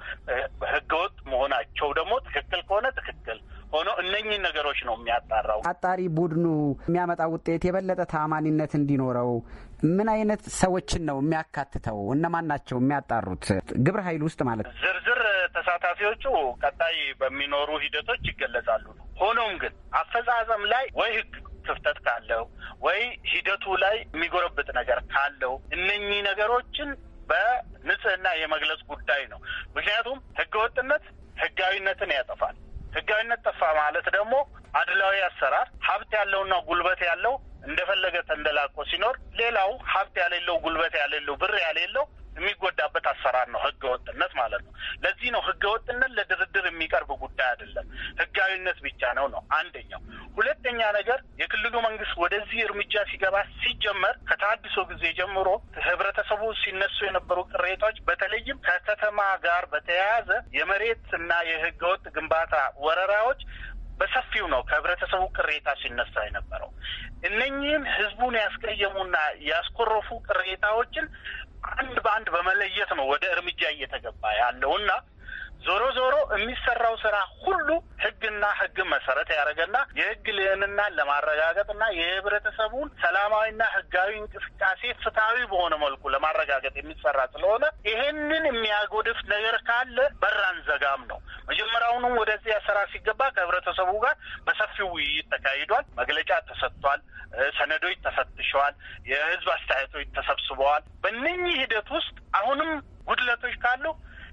ህገወጥ መሆናቸው ደግሞ ትክክል ከሆነ ትክክል ሆኖ እነኚህን ነገሮች ነው የሚያጣራው አጣሪ ቡድኑ። የሚያመጣ ውጤት የበለጠ ታማኒነት እንዲኖረው ምን አይነት ሰዎችን ነው የሚያካትተው? እነማን ናቸው የሚያጣሩት? ግብረ ኃይል ውስጥ ማለት ዝርዝር ተሳታፊዎቹ ቀጣይ በሚኖሩ ሂደቶች ይገለጻሉ። ሆኖም ግን አፈጻጸም ላይ ወይ ህግ ክፍተት ካለው ወይ ሂደቱ ላይ የሚጎረብጥ ነገር ካለው እነኚህ ነገሮችን በንጽህና የመግለጽ ጉዳይ ነው። ምክንያቱም ህገወጥነት ህጋዊነትን ያጠፋል። ህጋዊነት ጠፋ ማለት ደግሞ አድላዊ አሰራር ሀብት ያለውና ጉልበት ያለው እንደፈለገ ተንደላቆ ሲኖር፣ ሌላው ሀብት ያሌለው ጉልበት ያሌለው ብር ያሌለው የሚጎዳበት አሰራር ነው ህገወጥነት ማለት ነው። ለዚህ ነው ህገወጥነት ለድርድር የሚቀርብ ጉዳይ አይደለም፣ ህጋዊነት ብቻ ነው ነው አንደኛው። ሁለተኛ ነገር የክልሉ መንግስት ወደዚህ እርምጃ ሲገባ ሲጀመር ከተሃድሶ ጊዜ ጀምሮ ህብረተሰቡ ሲነሱ የነበሩ ቅሬታዎች በተለይም ከከተማ ጋር በተያያዘ የመሬት እና የህገወጥ ግንባታ ወረራዎች በሰፊው ነው ከህብረተሰቡ ቅሬታ ሲነሳ የነበረው። እነኚህን ህዝቡን ያስቀየሙና ያስኮረፉ ቅሬታዎችን አንድ በአንድ በመለየት ነው ወደ እርምጃ እየተገባ ያለውና ዞሮ ዞሮ የሚሰራው ስራ ሁሉ ህግና ህግ መሰረት ያደረገና የህግ ልዕልናን ለማረጋገጥና የህብረተሰቡን ሰላማዊና ህጋዊ እንቅስቃሴ ፍትሐዊ በሆነ መልኩ ለማረጋገጥ የሚሰራ ስለሆነ ይሄንን የሚያጎድፍ ነገር ካለ በራን ዘጋም ነው። መጀመሪያውንም ወደዚህ ስራ ሲገባ ከህብረተሰቡ ጋር በሰፊው ውይይት ተካሂዷል። መግለጫ ተሰጥቷል። ሰነዶች ተፈትሸዋል። የህዝብ አስተያየቶች ተሰብስበዋል። በእነኚህ ሂደት ውስጥ አሁንም ጉድለቶች ካሉ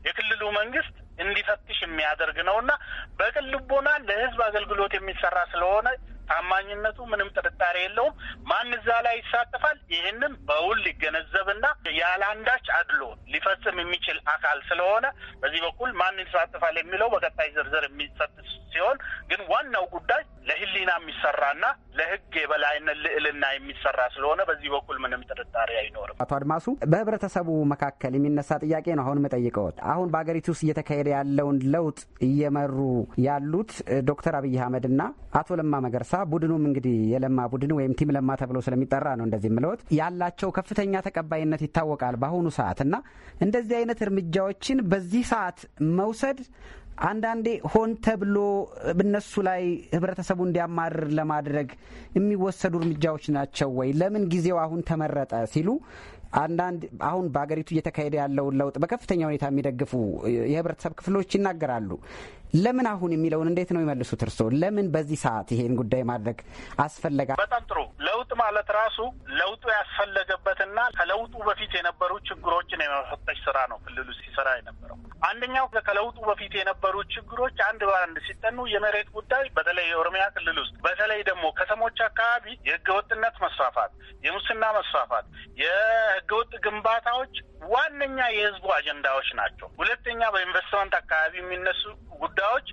የክልሉ መንግስት እንዲፈትሽ የሚያደርግ ነው እና በቅን ልቦና ለህዝብ አገልግሎት የሚሰራ ስለሆነ ታማኝነቱ ምንም ጥርጣሬ የለውም። ማን እዛ ላይ ይሳተፋል? ይህንን በውል ሊገነዘብና ያለአንዳች አድሎ ሊፈጽም የሚችል አካል ስለሆነ በዚህ በኩል ማን ይሳተፋል የሚለው በቀጣይ ዝርዝር የሚሰጥ ሲሆን ግን ዋናው ጉዳይ ለሕሊና የሚሰራና ለህግ የበላይነት ልዕልና የሚሰራ ስለሆነ በዚህ በኩል ምንም ጥርጣሬ አይኖርም። አቶ አድማሱ፣ በህብረተሰቡ መካከል የሚነሳ ጥያቄ ነው። አሁን መጠይቀዎት አሁን በሀገሪቱ ውስጥ እየተካሄደ ያለውን ለውጥ እየመሩ ያሉት ዶክተር አብይ አህመድና አቶ ለማ መገርሳ ቡድኑም እንግዲህ የለማ ቡድን ወይም ቲም ለማ ተብሎ ስለሚጠራ ነው እንደዚህ የምለውት ያላቸው ከፍተኛ ተቀባይነት ይታወቃል በአሁኑ ሰዓት እና እንደዚህ አይነት እርምጃዎችን በዚህ ሰዓት መውሰድ አንዳንዴ ሆን ተብሎ እነሱ ላይ ህብረተሰቡ እንዲያማርር ለማድረግ የሚወሰዱ እርምጃዎች ናቸው ወይ? ለምን ጊዜው አሁን ተመረጠ ሲሉ አንዳንድ አሁን በሀገሪቱ እየተካሄደ ያለውን ለውጥ በከፍተኛ ሁኔታ የሚደግፉ የህብረተሰብ ክፍሎች ይናገራሉ። ለምን አሁን የሚለውን እንዴት ነው ይመልሱት? እርስዎ ለምን በዚህ ሰዓት ይሄን ጉዳይ ማድረግ አስፈለጋ? በጣም ጥሩ ለውጥ ማለት ራሱ ለውጡ ያስፈለገበትና ከለውጡ በፊት የነበሩ ችግሮችን የመፈተሽ ስራ ነው ክልሉ ሲሰራ የነበረው። አንደኛው ከለውጡ በፊት የነበሩ ችግሮች አንድ በአንድ ሲጠኑ የመሬት ጉዳይ በተለይ የኦሮሚያ ክልል ውስጥ በተለይ ደግሞ ከተሞች አካባቢ የህገወጥነት መስፋፋት፣ የሙስና መስፋፋት፣ የህገወጥ ግንባታዎች ዋነኛ የህዝቡ አጀንዳዎች ናቸው። ሁለተኛ በኢንቨስትመንት አካባቢ የሚነሱ ጉዳዮች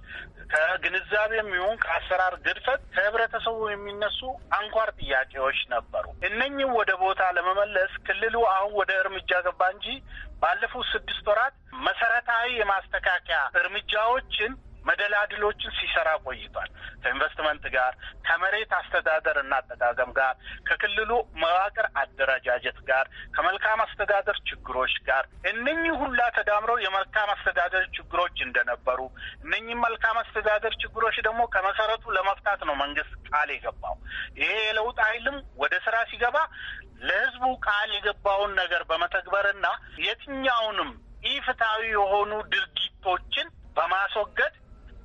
ከግንዛቤም ይሁን ከአሰራር ግድፈት ከህብረተሰቡ የሚነሱ አንኳር ጥያቄዎች ነበሩ። እነኚህ ወደ ቦታ ለመመለስ ክልሉ አሁን ወደ እርምጃ ገባ እንጂ ባለፉት ስድስት ወራት መሰረታዊ የማስተካከያ እርምጃዎችን መደላድሎችን ሲሰራ ቆይቷል። ከኢንቨስትመንት ጋር፣ ከመሬት አስተዳደር እና አጠቃቀም ጋር፣ ከክልሉ መዋቅር አደረጃጀት ጋር፣ ከመልካም አስተዳደር ችግሮች ጋር እነኚህ ሁላ ተዳምረው የመልካም አስተዳደር ችግሮች እንደነበሩ እነኚህ መልካም አስተዳደር ችግሮች ደግሞ ከመሰረቱ ለመፍታት ነው መንግስት ቃል የገባው። ይሄ የለውጥ ኃይልም ወደ ስራ ሲገባ ለህዝቡ ቃል የገባውን ነገር በመተግበርና የትኛውንም ኢፍትሐዊ የሆኑ ድርጊቶችን በማስወገድ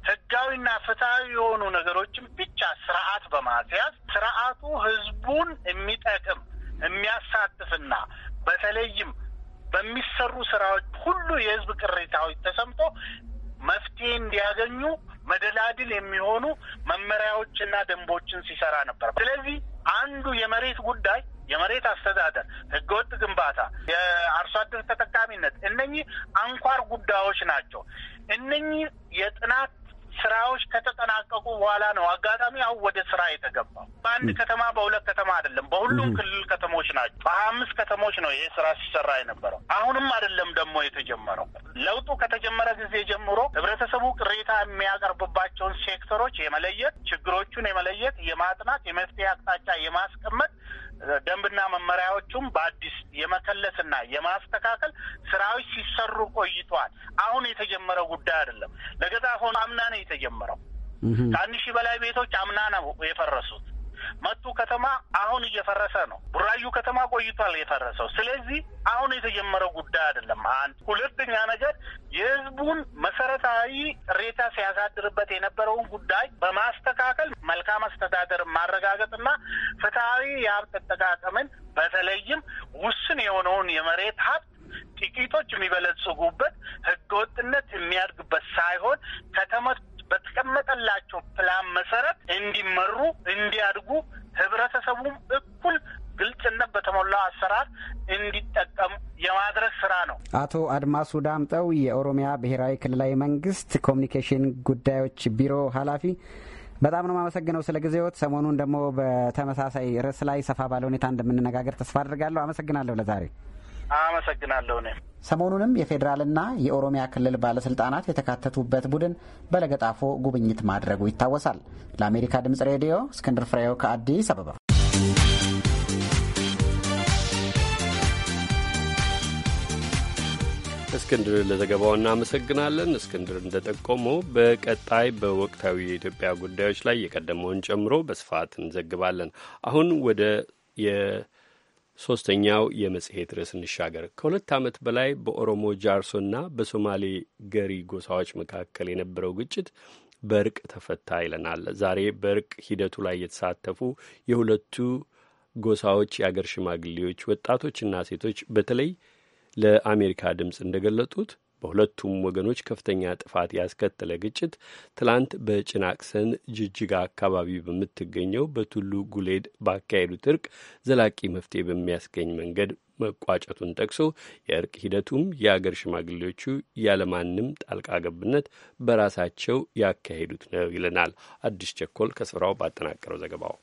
ህጋዊና ፍትሐዊ የሆኑ ነገሮችን ብቻ ስርዓት በማስያዝ ስርዓቱ ህዝቡን የሚጠቅም የሚያሳትፍና በተለይም በሚሰሩ ስራዎች ሁሉ የህዝብ ቅሬታዎች ተሰምቶ መፍትሄ እንዲያገኙ መደላድል የሚሆኑ መመሪያዎችና ደንቦችን ሲሰራ ነበር። ስለዚህ አንዱ የመሬት ጉዳይ፣ የመሬት አስተዳደር፣ ህገወጥ ግንባታ፣ የአርሶ አደር ተጠቃሚነት እነኚህ አንኳር ጉዳዮች ናቸው። እነኚህ የጥናት ስራዎች ከተጠናቀቁ በኋላ ነው አጋጣሚ አሁን ወደ ስራ የተገባው። በአንድ ከተማ በሁለት ከተማ አይደለም፣ በሁሉም ክልል ከተሞች ናቸው። በሀያ አምስት ከተሞች ነው ይሄ ስራ ሲሰራ የነበረው። አሁንም አይደለም ደግሞ የተጀመረው። ለውጡ ከተጀመረ ጊዜ ጀምሮ ህብረተሰቡ ቅሬታ የሚያቀርብባቸውን ሴክተሮች የመለየት ችግሮቹን የመለየት የማጥናት የመፍትሄ አቅጣጫ የማስቀመጥ ደንብና መመሪያዎቹም በአዲስ የመከለስና የማስተካከል ስራዎች ሲሰሩ ቆይተዋል። አሁን የተጀመረው ጉዳይ አይደለም። ለገዛ ሆኖ አምና ነው የተጀመረው። ከአንድ ሺህ በላይ ቤቶች አምና ነው የፈረሱት። መጡ ከተማ አሁን እየፈረሰ ነው። ቡራዩ ከተማ ቆይቷል የፈረሰው። ስለዚህ አሁን የተጀመረው ጉዳይ አይደለም። አንድ ሁለተኛ ነገር የህዝቡን መሰረታዊ ቅሬታ ሲያሳድርበት የነበረውን ጉዳይ በማስተካከል መልካም አስተዳደር ማረጋገጥና ፍትሐዊ የሀብት አጠቃቀምን በተለይም ውስን የሆነውን የመሬት ሀብት ጥቂቶች የሚበለጽጉበት ህገወጥነት አቶ አድማሱ ዳምጠው የኦሮሚያ ብሔራዊ ክልላዊ መንግስት ኮሚኒኬሽን ጉዳዮች ቢሮ ኃላፊ በጣም ነው የማመሰግነው ስለ ጊዜዎት። ሰሞኑን ደግሞ በተመሳሳይ ርዕስ ላይ ሰፋ ባለ ሁኔታ እንደምንነጋገር ተስፋ አድርጋለሁ። አመሰግናለሁ። ለዛሬ አመሰግናለሁ። እኔ ሰሞኑንም የፌዴራልና የኦሮሚያ ክልል ባለስልጣናት የተካተቱበት ቡድን በለገጣፎ ጉብኝት ማድረጉ ይታወሳል። ለአሜሪካ ድምጽ ሬዲዮ እስክንድር ፍሬው ከአዲስ አበባ እስክንድር ለዘገባው እናመሰግናለን። እስክንድር እንደጠቆመው በቀጣይ በወቅታዊ የኢትዮጵያ ጉዳዮች ላይ የቀደመውን ጨምሮ በስፋት እንዘግባለን። አሁን ወደ የሶስተኛው የመጽሔት ርዕስ እንሻገር። ከሁለት ዓመት በላይ በኦሮሞ ጃርሶና በሶማሌ ገሪ ጎሳዎች መካከል የነበረው ግጭት በእርቅ ተፈታ ይለናል። ዛሬ በእርቅ ሂደቱ ላይ የተሳተፉ የሁለቱ ጎሳዎች የአገር ሽማግሌዎች፣ ወጣቶችና ሴቶች በተለይ ለአሜሪካ ድምፅ እንደገለጡት በሁለቱም ወገኖች ከፍተኛ ጥፋት ያስከተለ ግጭት ትላንት በጭናቅሰን ጅጅጋ አካባቢ በምትገኘው በቱሉ ጉሌድ ባካሄዱት እርቅ ዘላቂ መፍትሄ በሚያስገኝ መንገድ መቋጨቱን ጠቅሶ የእርቅ ሂደቱም የአገር ሽማግሌዎቹ ያለማንም ጣልቃ ገብነት በራሳቸው ያካሄዱት ነው ይለናል። አዲስ ቸኮል ከስፍራው ባጠናቀረው ዘገባው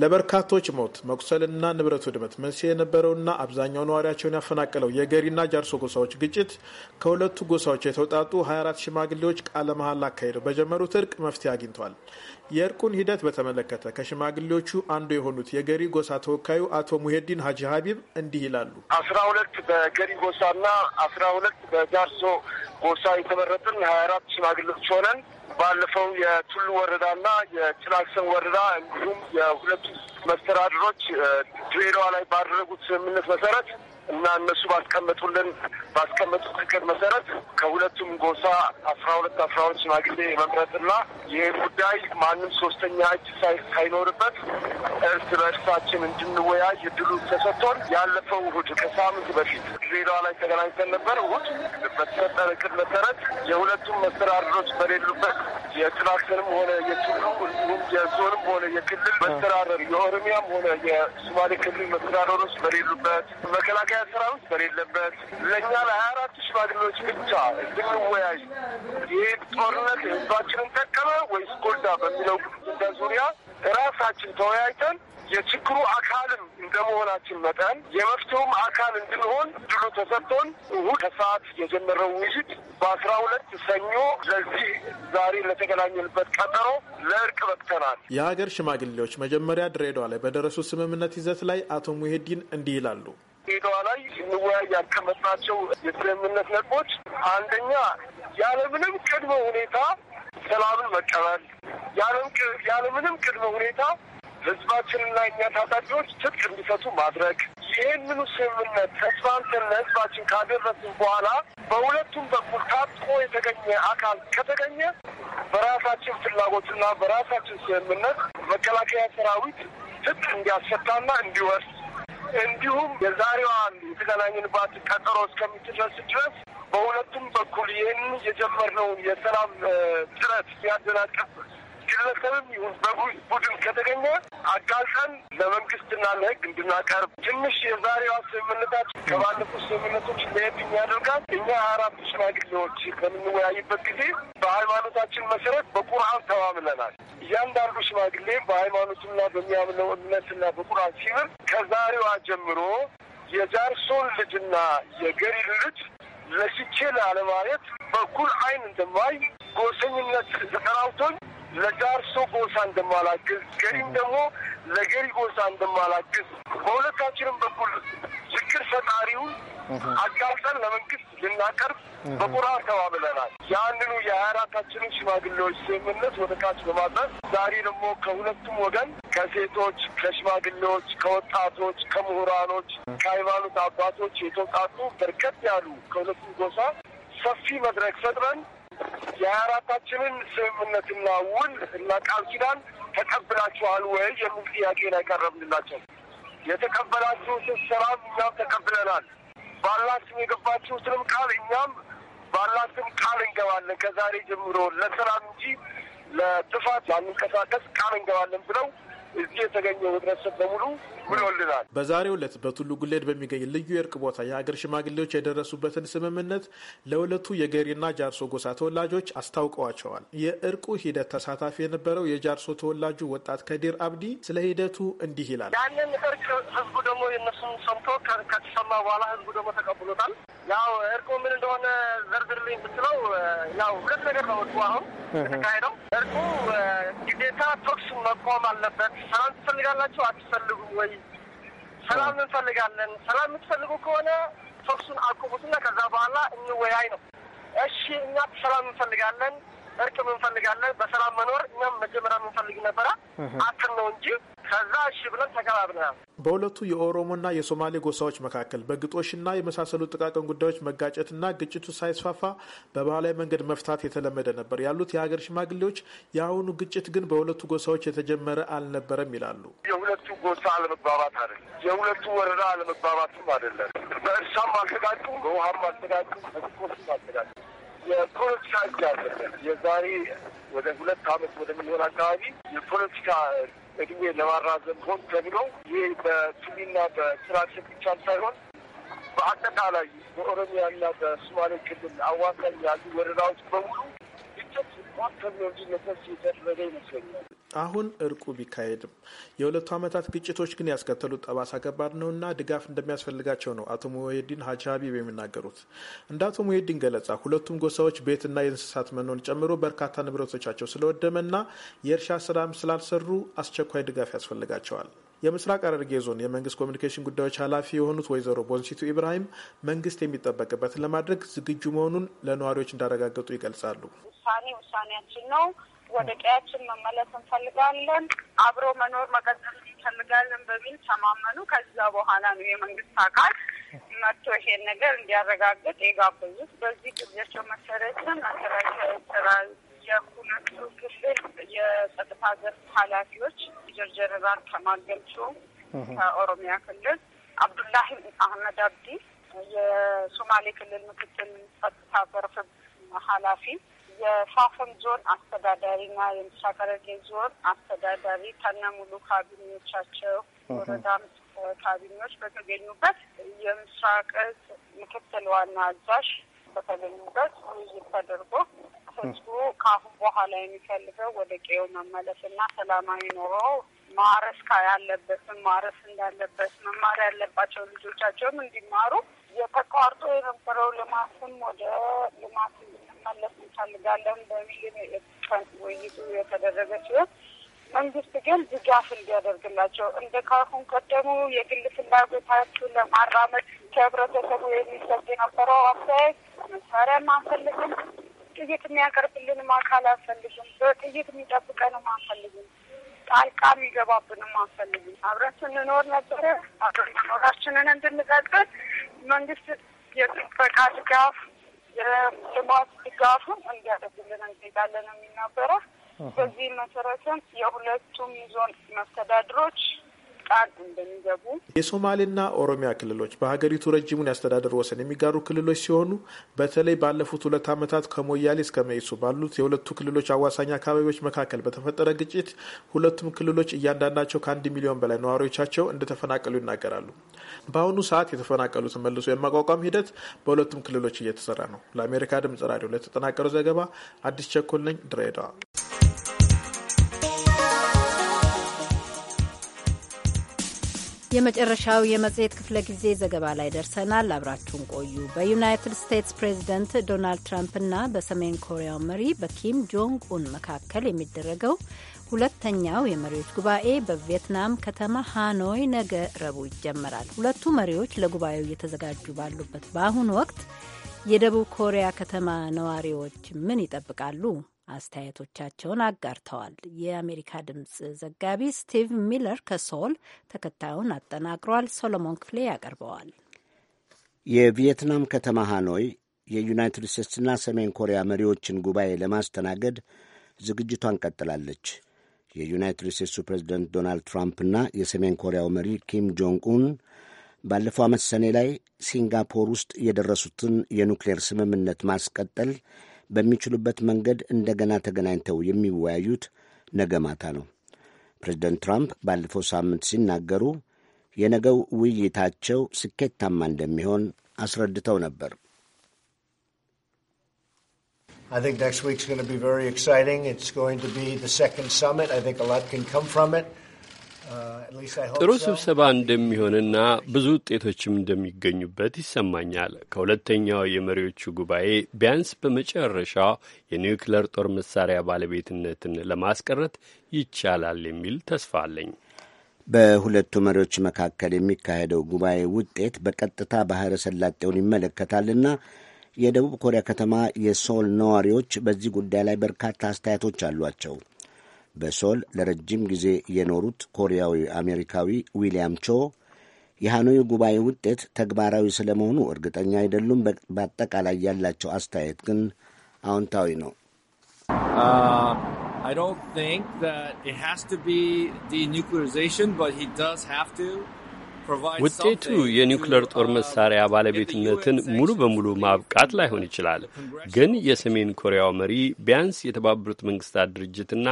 ለበርካቶች ሞት መቁሰልና ንብረት ውድመት መንስኤ የነበረውና አብዛኛው ነዋሪያቸውን ያፈናቀለው የገሪና ጃርሶ ጎሳዎች ግጭት ከሁለቱ ጎሳዎች የተውጣጡ 24 ሽማግሌዎች ቃለ መሀል አካሄደው በጀመሩት እርቅ መፍትሄ አግኝቷል። የእርቁን ሂደት በተመለከተ ከሽማግሌዎቹ አንዱ የሆኑት የገሪ ጎሳ ተወካዩ አቶ ሙሄዲን ሀጂ ሀቢብ እንዲህ ይላሉ። አስራ ሁለት በገሪ ጎሳና አስራ ሁለት በጃርሶ ጎሳ የተመረጥን ሀያ አራት ሽማግሌዎች ሆነን ባለፈው የቱሉ ወረዳና የጭላክሰን ወረዳ እንዲሁም የሁለቱ መስተዳድሮች ድሬዳዋ ላይ ባደረጉት ስምምነት መሰረት እና እነሱ ባስቀመጡልን ባስቀመጡት እቅድ መሰረት ከሁለቱም ጎሳ አስራ ሁለት አስራ ሁለት ሽማግሌ የመምረጥና ይህ ጉዳይ ማንም ሶስተኛ እጅ ሳይኖርበት እርስ በእርሳችን እንድንወያይ እድሉ ተሰጥቶን ያለፈው እሁድ ከሳምንት በፊት ድሬዳዋ ላይ ተገናኝተን ነበር። እሁድ በተሰጠን እቅድ መሰረት የሁለቱም መስተዳድሮች በሌሉበት የትራክተርም ሆነ የችሉ እንዲሁም የዞንም ሆነ የክልል መስተዳደር የኦሮሚያም ሆነ የሶማሌ ክልል መስተዳደሮች በሌሉበት መከላከያ ሰራዊት በሌለበት ለእኛ ለሀያ አራት ሽማግሌዎች ብቻ እንድንወያይ ይህ ጦርነት ህዝባችንን ጠቀመ ወይስ ጎዳ በሚለው ጉዳይ ዙሪያ ራሳችን ተወያይተን የችግሩ አካልም እንደመሆናችን መጠን የመፍትሄውም አካል እንድንሆን ድሉ ተሰጥቶን እሁድ ከሰዓት የጀመረው ውይይት በአስራ ሁለት ሰኞ ለዚህ ዛሬ ለተገናኘንበት ቀጠሮ ለእርቅ በቅተናል። የሀገር ሽማግሌዎች መጀመሪያ ድሬዳዋ ላይ በደረሱ ስምምነት ይዘት ላይ አቶ ሙሄዲን እንዲህ ይላሉ። ሄደዋ ላይ እንወያይ ከመጥናቸው የስምምነት ነጥቦች አንደኛ ያለምንም ቅድመ ሁኔታ ሰላምን መቀበል፣ ያለምንም ቅድመ ሁኔታ ህዝባችንና እኛ ታጣቂዎች ትጥቅ እንዲፈቱ ማድረግ። ይህንኑ ስምምነት ተስማምተን ለህዝባችን ካደረስን በኋላ በሁለቱም በኩል ታጥቆ የተገኘ አካል ከተገኘ በራሳችን ፍላጎትና በራሳችን ስምምነት መከላከያ ሰራዊት ትጥቅ እንዲያስፈታና እንዲወርስ እንዲሁም የዛሬዋን የተገናኘንባት ቀጠሮ እስከምትደርስ ድረስ በሁለቱም በኩል ይህን የጀመርነውን የሰላም ጥረት ሲያደናቀፍ ግለሰብም ይሁን በቡድን ከተገኘ አጋልጠን ለመንግስትና ለህግ እንድናቀርብ ትንሽ የዛሬዋ ስምምነታች ከባለፉት ስምምነቶች ለየት የሚያደርጋት እኛ አራት ሽማግሌዎች በምንወያይበት ጊዜ በሃይማኖታችን መሰረት በቁርአን ተማምለናል። እያንዳንዱ ሽማግሌ በሃይማኖቱና በሚያምነው እምነትና በቁርአን ሲምር ከዛሬዋ ጀምሮ የጃርሶን ልጅና የገሪል ልጅ ለሽቼ ላለማየት በኩል አይን እንደማይ ጎሰኝነት ተጠራውቶኝ ለጃርሶ ጎሳ እንደማላግዝ ገሪም ደግሞ ለገሪ ጎሳ እንደማላግዝ በሁለታችንም በኩል ዝክር ፈጣሪውን አጋልጠን ለመንግስት ልናቀርብ በቁራ ተባብለናል። ያንኑ የሀያ አራታችንን ሽማግሌዎች ስምምነት ወደ ታች በማድረስ ዛሬ ደግሞ ከሁለቱም ወገን ከሴቶች፣ ከሽማግሌዎች፣ ከወጣቶች፣ ከምሁራኖች፣ ከሃይማኖት አባቶች የተውጣጡ በርከት ያሉ ከሁለቱም ጎሳ ሰፊ መድረክ ፈጥረን የአራታችንን ስምምነትና ውል እና ቃል ኪዳን ተቀብላችኋል ወይ የሚል ጥያቄ ላይ ቀረብንላቸው። የተቀበላችሁትን ሰላም እኛም ተቀብለናል፣ ባላችሁ የገባችሁትንም ቃል እኛም ባላችሁም ቃል እንገባለን፣ ከዛሬ ጀምሮ ለሰላም እንጂ ለጥፋት ላንንቀሳቀስ ቃል እንገባለን ብለው እዚህ የተገኘው ህብረተሰብ በሙሉ ምን ወልዳል። በዛሬው ዕለት በቱሉ ጉሌድ በሚገኝ ልዩ የእርቅ ቦታ የሀገር ሽማግሌዎች የደረሱበትን ስምምነት ለሁለቱ የገሪና ጃርሶ ጎሳ ተወላጆች አስታውቀዋቸዋል። የእርቁ ሂደት ተሳታፊ የነበረው የጃርሶ ተወላጁ ወጣት ከዲር አብዲ ስለ ሂደቱ እንዲህ ይላል። ያንን እርቅ ህዝቡ ደግሞ የነሱን ሰምቶ ከተሰማ በኋላ ህዝቡ ደግሞ ተቀብሎታል። ያው እርቁ ምን እንደሆነ ዘርዝርልኝ ብትለው ያው ሁለት ነገር ነው እርቁ አሁን የተካሄደው። እርቁ ግዴታ ቶክስ መቆም አለበት። ሰላም ትፈልጋላችሁ አትፈልጉም ወይ? ሰላም እንፈልጋለን። ሰላም የምትፈልጉ ከሆነ ቶክሱን አቁሙትና ከዛ በኋላ እንወያይ ነው። እሺ እኛ ሰላም እንፈልጋለን፣ እርቅም እንፈልጋለን፣ በሰላም መኖር እኛም መጀመሪያ የምንፈልግ ነበረ አትን ነው እንጂ ከዛ እሺ ብለን ተቀባብለናል። በሁለቱ የኦሮሞና የሶማሌ ጎሳዎች መካከል በግጦሽና የመሳሰሉ ጥቃቅን ጉዳዮች መጋጨትና ግጭቱ ሳይስፋፋ በባህላዊ መንገድ መፍታት የተለመደ ነበር ያሉት የሀገር ሽማግሌዎች፣ የአሁኑ ግጭት ግን በሁለቱ ጎሳዎች የተጀመረ አልነበረም ይላሉ። የሁለቱ ጎሳ አለመግባባት አይደለም፣ የሁለቱ ወረዳ አለመግባባትም አይደለም። በእርሻም አልተጋጩም፣ በውሃም አልተጋጩም፣ በግጦሽም አልተጋጩም። የፖለቲካ እጅ አለበት። የዛሬ ወደ ሁለት አመት ወደሚሆን አካባቢ የፖለቲካ እድሜ ለማራዘም ሆን ተብሎ ይህ በሲቪልና በትራፊክ ብቻ ሳይሆን በአጠቃላይ በኦሮሚያና በሶማሌ ክልል አዋሳኝ ያሉ ወረዳዎች በሙሉ ግጭት ሆን ተብሎ እንዲነሰስ የተደረገ ይመስለኛል። አሁን እርቁ ቢካሄድም የሁለቱ ዓመታት ግጭቶች ግን ያስከተሉት ጠባሳ ከባድ ነውና ድጋፍ እንደሚያስፈልጋቸው ነው አቶ ሙሄዲን ሀጂ ሀቢብ የሚናገሩት። እንደ አቶ ሙሄዲን ገለጻ ሁለቱም ጎሳዎች ቤትና የእንስሳት መኖን ጨምሮ በርካታ ንብረቶቻቸው ስለወደመና የእርሻ ስራም ስላልሰሩ አስቸኳይ ድጋፍ ያስፈልጋቸዋል። የምስራቅ ሐረርጌ ዞን የመንግስት ኮሚኒኬሽን ጉዳዮች ኃላፊ የሆኑት ወይዘሮ ቦንሲቱ ኢብራሂም መንግስት የሚጠበቅበትን ለማድረግ ዝግጁ መሆኑን ለነዋሪዎች እንዳረጋገጡ ይገልጻሉ። ውሳኔ ውሳኔያችን ነው ወደ ቀያችን መመለስ እንፈልጋለን፣ አብሮ መኖር መቀጠል እንፈልጋለን በሚል ተማመኑ። ከዛ በኋላ ነው የመንግስት አካል መጥቶ ይሄን ነገር እንዲያረጋግጥ የጋበዙት። በዚህ ግብዣቸው መሰረትም አሰራዊ ጥራዝ የሁለቱ ክልል የጸጥታ ዘርፍ ኃላፊዎች ሜጀር ጀነራል ከማል ከኦሮሚያ ክልል፣ አብዱላሂ አህመድ አብዲ የሶማሌ ክልል ምክትል ጸጥታ ዘርፍ ኃላፊ የፋፈን ዞን አስተዳዳሪና የምስራቅ ሐረርጌ ዞን አስተዳዳሪ ከነሙሉ ካቢኔዎቻቸው ወረዳም ካቢኔዎች በተገኙበት የምስራቅ ምክትል ዋና አዛዥ በተገኙበት ውይይት ተደርጎ ህዝቡ ከአሁን በኋላ የሚፈልገው ወደ ቀዬው መመለስና ሰላማዊ ኑሮ ማረስ ያለበትም ማረስ እንዳለበት መማር ያለባቸው ልጆቻቸውም እንዲማሩ የተቋርጦ የነበረው ልማትም ወደ ልማት ማሳለፍ እንፈልጋለን በሚል ውይይቱ የተደረገ ሲሆን መንግስት ግን ድጋፍ እንዲያደርግላቸው እንደ ካሁን ቀደሙ የግል ፍላጎታቸውን ለማራመድ ከህብረተሰቡ የሚሰጥ የነበረው አስተያየት መሳሪያም አንፈልግም፣ ጥይት የሚያቀርብልንም አካል አንፈልግም፣ በጥይት የሚጠብቀንም አንፈልግም፣ ጣልቃ የሚገባብንም አንፈልግም። አብረን ስንኖር ነበረ አብረን መኖራችንን እንድንቀጥል መንግስት የጥበቃ ድጋፍ የልማት ድጋፉን እንዲያደርግልን እንጠይቃለን የሚል ነበረ። መሰረትም የሁለቱም ዞን መስተዳድሮች ቃል እንደሚገቡ የሶማሌና ኦሮሚያ ክልሎች በሀገሪቱ ረጅሙን ያስተዳደር ወሰን የሚጋሩ ክልሎች ሲሆኑ በተለይ ባለፉት ሁለት ዓመታት ከሞያሌ እስከ መኢሶ ባሉት የሁለቱ ክልሎች አዋሳኝ አካባቢዎች መካከል በተፈጠረ ግጭት ሁለቱም ክልሎች እያንዳንዳቸው ከአንድ ሚሊዮን በላይ ነዋሪዎቻቸው እንደተፈናቀሉ ይናገራሉ። በአሁኑ ሰዓት የተፈናቀሉትን መልሶ የማቋቋም ሂደት በሁለቱም ክልሎች እየተሰራ ነው። ለአሜሪካ ድምጽ ራዲዮ ለተጠናቀረው ዘገባ አዲስ ቸኮል ነኝ ድሬዳዋ። የመጨረሻው የመጽሔት ክፍለ ጊዜ ዘገባ ላይ ደርሰናል። አብራችሁን ቆዩ። በዩናይትድ ስቴትስ ፕሬዝደንት ዶናልድ ትራምፕና በሰሜን ኮሪያው መሪ በኪም ጆንግ ኡን መካከል የሚደረገው ሁለተኛው የመሪዎች ጉባኤ በቪየትናም ከተማ ሃኖይ ነገ ረቡዕ ይጀመራል። ሁለቱ መሪዎች ለጉባኤው እየተዘጋጁ ባሉበት በአሁኑ ወቅት የደቡብ ኮሪያ ከተማ ነዋሪዎች ምን ይጠብቃሉ? አስተያየቶቻቸውን አጋርተዋል። የአሜሪካ ድምጽ ዘጋቢ ስቲቭ ሚለር ከሶል ተከታዩን አጠናቅሯል። ሶሎሞን ክፍሌ ያቀርበዋል። የቪየትናም ከተማ ሃኖይ የዩናይትድ ስቴትስና ሰሜን ኮሪያ መሪዎችን ጉባኤ ለማስተናገድ ዝግጅቷን ቀጥላለች። የዩናይትድ ስቴትሱ ፕሬዚደንት ዶናልድ ትራምፕና የሰሜን ኮሪያው መሪ ኪም ጆንግ ኡን ባለፈው ዓመት ሰኔ ላይ ሲንጋፖር ውስጥ የደረሱትን የኑክሌር ስምምነት ማስቀጠል በሚችሉበት መንገድ እንደገና ተገናኝተው የሚወያዩት ነገ ማታ ነው። ፕሬዝደንት ትራምፕ ባለፈው ሳምንት ሲናገሩ የነገው ውይይታቸው ስኬታማ እንደሚሆን አስረድተው ነበር። I Uh, ጥሩ ስብሰባ እንደሚሆንና ብዙ ውጤቶችም እንደሚገኙበት ይሰማኛል። ከሁለተኛው የመሪዎቹ ጉባኤ ቢያንስ በመጨረሻው የኒውክለር ጦር መሳሪያ ባለቤትነትን ለማስቀረት ይቻላል የሚል ተስፋ አለኝ። በሁለቱ መሪዎች መካከል የሚካሄደው ጉባኤ ውጤት በቀጥታ ባህረ ሰላጤውን ይመለከታልና የደቡብ ኮሪያ ከተማ የሶል ነዋሪዎች በዚህ ጉዳይ ላይ በርካታ አስተያየቶች አሏቸው። በሶል ለረጅም ጊዜ የኖሩት ኮሪያዊ አሜሪካዊ ዊልያም ቾ የሃኖይ ጉባኤ ውጤት ተግባራዊ ስለመሆኑ እርግጠኛ አይደሉም። በአጠቃላይ ያላቸው አስተያየት ግን አዎንታዊ ነው። ውጤቱ የኒውክለር ጦር መሳሪያ ባለቤትነትን ሙሉ በሙሉ ማብቃት ላይሆን ይችላል። ግን የሰሜን ኮሪያው መሪ ቢያንስ የተባበሩት መንግስታት ድርጅትና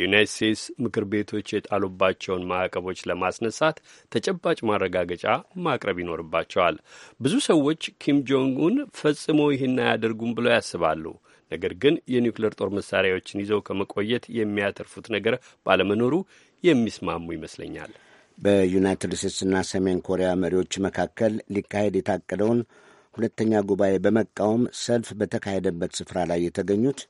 የዩናይት ስቴትስ ምክር ቤቶች የጣሉባቸውን ማዕቀቦች ለማስነሳት ተጨባጭ ማረጋገጫ ማቅረብ ይኖርባቸዋል። ብዙ ሰዎች ኪም ጆንግ ኡን ፈጽሞ ይህን አያደርጉም ብለው ያስባሉ። ነገር ግን የኒውክለር ጦር መሳሪያዎችን ይዘው ከመቆየት የሚያተርፉት ነገር ባለመኖሩ የሚስማሙ ይመስለኛል። በዩናይትድ ስቴትስና ሰሜን ኮሪያ መሪዎች መካከል ሊካሄድ የታቀደውን ሁለተኛ ጉባኤ በመቃወም ሰልፍ በተካሄደበት ስፍራ ላይ የተገኙት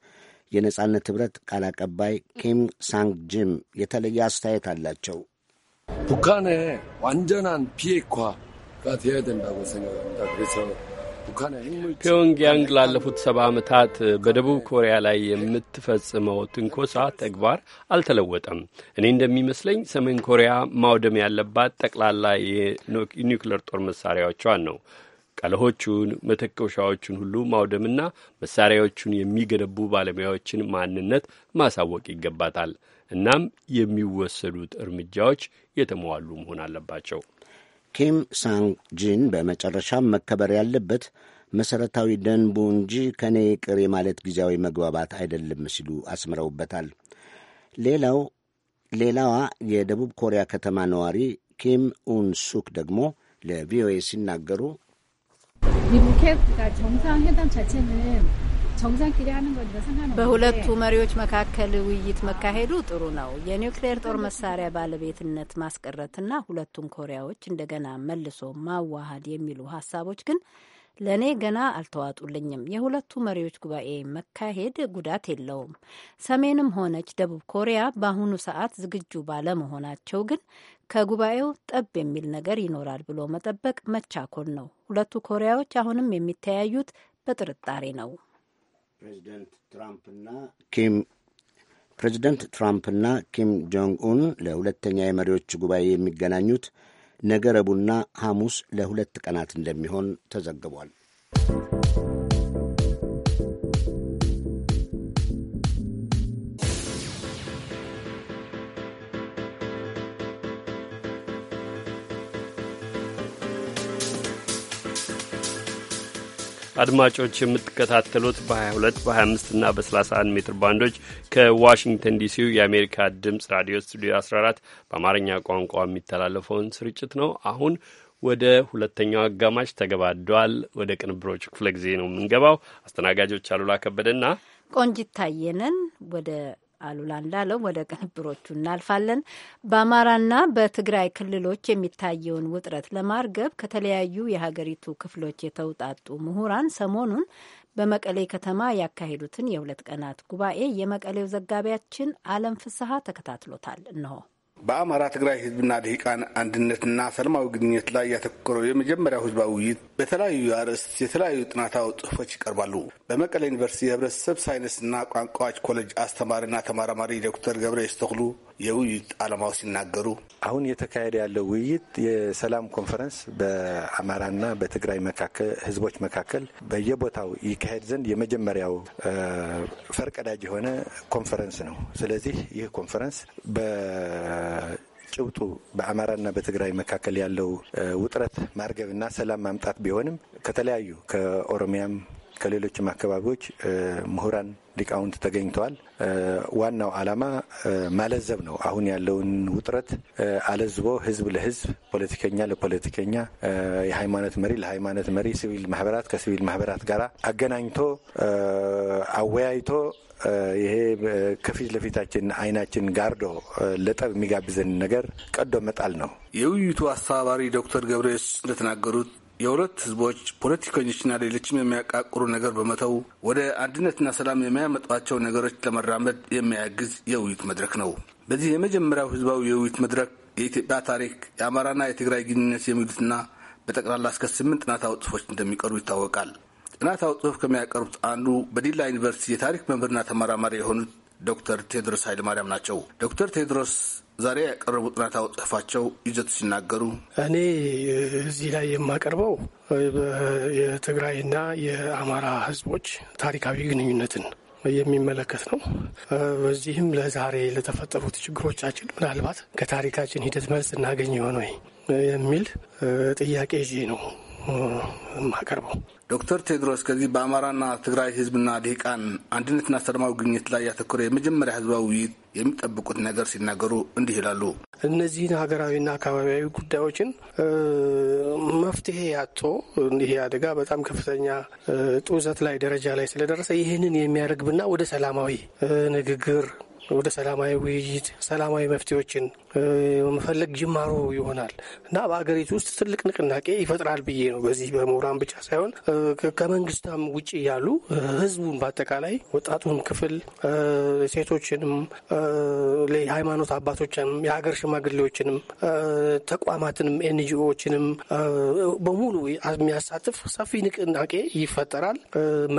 የነጻነት ኅብረት ቃል አቀባይ ኪም ሳንግ ጂም የተለየ አስተያየት አላቸው። 북한의 ዋንጀናን ፒኳ 되어야 된다고 ፒዮንግያንግ ላለፉት ሰባ ዓመታት በደቡብ ኮሪያ ላይ የምትፈጽመው ትንኮሳ ተግባር አልተለወጠም። እኔ እንደሚመስለኝ ሰሜን ኮሪያ ማውደም ያለባት ጠቅላላ የኒውክሌር ጦር መሳሪያዎቿን ነው። ቀለሆቹን፣ መተኮሻዎቹን ሁሉ ማውደምና መሳሪያዎቹን የሚገነቡ ባለሙያዎችን ማንነት ማሳወቅ ይገባታል። እናም የሚወሰዱት እርምጃዎች የተሟሉ መሆን አለባቸው። ኪም ሳንግ ጂን በመጨረሻም መከበር ያለበት መሠረታዊ ደንቡ እንጂ ከእኔ ቅር የማለት ጊዜያዊ መግባባት አይደለም ሲሉ አስምረውበታል። ሌላው ሌላዋ የደቡብ ኮሪያ ከተማ ነዋሪ ኪም ኡን ሱክ ደግሞ ለቪኦኤ ሲናገሩ 정상끼리 하는 በሁለቱ መሪዎች መካከል ውይይት መካሄዱ ጥሩ ነው። የኒውክሌር ጦር መሳሪያ ባለቤትነት ማስቀረትና ሁለቱን ኮሪያዎች እንደገና መልሶ ማዋሃድ የሚሉ ሀሳቦች ግን ለእኔ ገና አልተዋጡልኝም። የሁለቱ መሪዎች ጉባኤ መካሄድ ጉዳት የለውም። ሰሜንም ሆነች ደቡብ ኮሪያ በአሁኑ ሰዓት ዝግጁ ባለመሆናቸው ግን ከጉባኤው ጠብ የሚል ነገር ይኖራል ብሎ መጠበቅ መቻኮል ነው። ሁለቱ ኮሪያዎች አሁንም የሚተያዩት በጥርጣሬ ነው። ፕሬዚደንት ትራምፕና ኪም ፕሬዚደንት ትራምፕና ኪም ጆንግ ኡን ለሁለተኛ የመሪዎች ጉባኤ የሚገናኙት ነገ ረቡዕና ሐሙስ ለሁለት ቀናት እንደሚሆን ተዘግቧል። አድማጮች የምትከታተሉት በ22 በ25 እና በ31 ሜትር ባንዶች ከዋሽንግተን ዲሲው የአሜሪካ ድምፅ ራዲዮ ስቱዲዮ 14 በአማርኛ ቋንቋ የሚተላለፈውን ስርጭት ነው። አሁን ወደ ሁለተኛው አጋማሽ ተገባዷል። ወደ ቅንብሮች ክፍለ ጊዜ ነው የምንገባው። አስተናጋጆች አሉላ ከበደና ቆንጂት ታየነን ወደ አሉላ እንዳለው ወደ ቅንብሮቹ እናልፋለን። በአማራና በትግራይ ክልሎች የሚታየውን ውጥረት ለማርገብ ከተለያዩ የሀገሪቱ ክፍሎች የተውጣጡ ምሁራን ሰሞኑን በመቀሌ ከተማ ያካሄዱትን የሁለት ቀናት ጉባኤ የመቀሌው ዘጋቢያችን አለም ፍስሀ ተከታትሎታል። እንሆ በአማራ ትግራይ ህዝብና ደሂቃን አንድነትና ሰላማዊ ግንኙነት ላይ ያተኮረው የመጀመሪያው ህዝባዊ ውይይት በተለያዩ አርዕስት የተለያዩ ጥናታዊ ጽሑፎች ይቀርባሉ። በመቀሌ ዩኒቨርሲቲ የህብረተሰብ ሳይንስና ቋንቋዎች ኮሌጅ አስተማሪና ተመራማሪ ዶክተር ገብረ ስተክሉ? የውይይት አላማው ሲናገሩ አሁን እየተካሄደ ያለው ውይይት የሰላም ኮንፈረንስ በአማራና በትግራይ ህዝቦች መካከል በየቦታው ይካሄድ ዘንድ የመጀመሪያው ፈርቀዳጅ የሆነ ኮንፈረንስ ነው። ስለዚህ ይህ ኮንፈረንስ በ ጭብጡ በአማራና በትግራይ መካከል ያለው ውጥረት ማርገብና ሰላም ማምጣት ቢሆንም ከተለያዩ ከኦሮሚያም ከሌሎችም አካባቢዎች ምሁራን፣ ሊቃውንት ተገኝተዋል። ዋናው ዓላማ ማለዘብ ነው። አሁን ያለውን ውጥረት አለዝቦ ህዝብ ለህዝብ፣ ፖለቲከኛ ለፖለቲከኛ፣ የሃይማኖት መሪ ለሃይማኖት መሪ፣ ሲቪል ማህበራት ከሲቪል ማህበራት ጋር አገናኝቶ አወያይቶ ይሄ ከፊት ለፊታችን አይናችን ጋርዶ ለጠብ የሚጋብዘን ነገር ቀዶ መጣል ነው። የውይይቱ አስተባባሪ ዶክተር ገብሬስ እንደተናገሩት የሁለት ህዝቦች ፖለቲከኞችና ሌሎችም የሚያቃቅሩ ነገር በመተው ወደ አንድነትና ሰላም የሚያመጧቸው ነገሮች ለመራመድ የሚያግዝ የውይይት መድረክ ነው። በዚህ የመጀመሪያው ህዝባዊ የውይይት መድረክ የኢትዮጵያ ታሪክ፣ የአማራና የትግራይ ግንኙነት የሚሉትና በጠቅላላ እስከ ስምንት ጥናታዊ ጽሑፎች እንደሚቀርቡ ይታወቃል። ጥናታዊ ጽሑፍ ከሚያቀርቡት አንዱ በዲላ ዩኒቨርሲቲ የታሪክ መምህርና ተመራማሪ የሆኑት ዶክተር ቴዎድሮስ ኃይለማርያም ናቸው። ዶክተር ቴድሮስ ዛሬ ያቀረቡ ጥናት ጽሑፋቸው ይዘት ሲናገሩ እኔ እዚህ ላይ የማቀርበው የትግራይና የአማራ ህዝቦች ታሪካዊ ግንኙነትን የሚመለከት ነው። በዚህም ለዛሬ ለተፈጠሩት ችግሮቻችን ምናልባት ከታሪካችን ሂደት መልስ እናገኝ ይሆን ወይ የሚል ጥያቄ ይዤ ነው የማቀርበው። ዶክተር ቴድሮስ ከዚህ በአማራና ትግራይ ህዝብና ድሂቃን አንድነትና ሰላማዊ ግኝት ላይ ያተኮረ የመጀመሪያ ህዝባዊ ውይይት የሚጠብቁት ነገር ሲናገሩ እንዲህ ይላሉ። እነዚህን ሀገራዊና አካባቢያዊ ጉዳዮችን መፍትሄ ያቶ ይህ አደጋ በጣም ከፍተኛ ጡዘት ላይ ደረጃ ላይ ስለደረሰ ይህንን የሚያደርግብና ወደ ሰላማዊ ንግግር ወደ ሰላማዊ ውይይት፣ ሰላማዊ መፍትሄዎችን መፈለግ ጅማሮ ይሆናል እና በአገሪቱ ውስጥ ትልቅ ንቅናቄ ይፈጥራል ብዬ ነው። በዚህ በምሁራን ብቻ ሳይሆን ከመንግስታም ውጭ ያሉ ህዝቡን በአጠቃላይ ወጣቱን ክፍል ሴቶችንም፣ ሃይማኖት አባቶችንም፣ የሀገር ሽማግሌዎችንም፣ ተቋማትንም፣ ኤንጂኦዎችንም በሙሉ የሚያሳትፍ ሰፊ ንቅናቄ ይፈጠራል።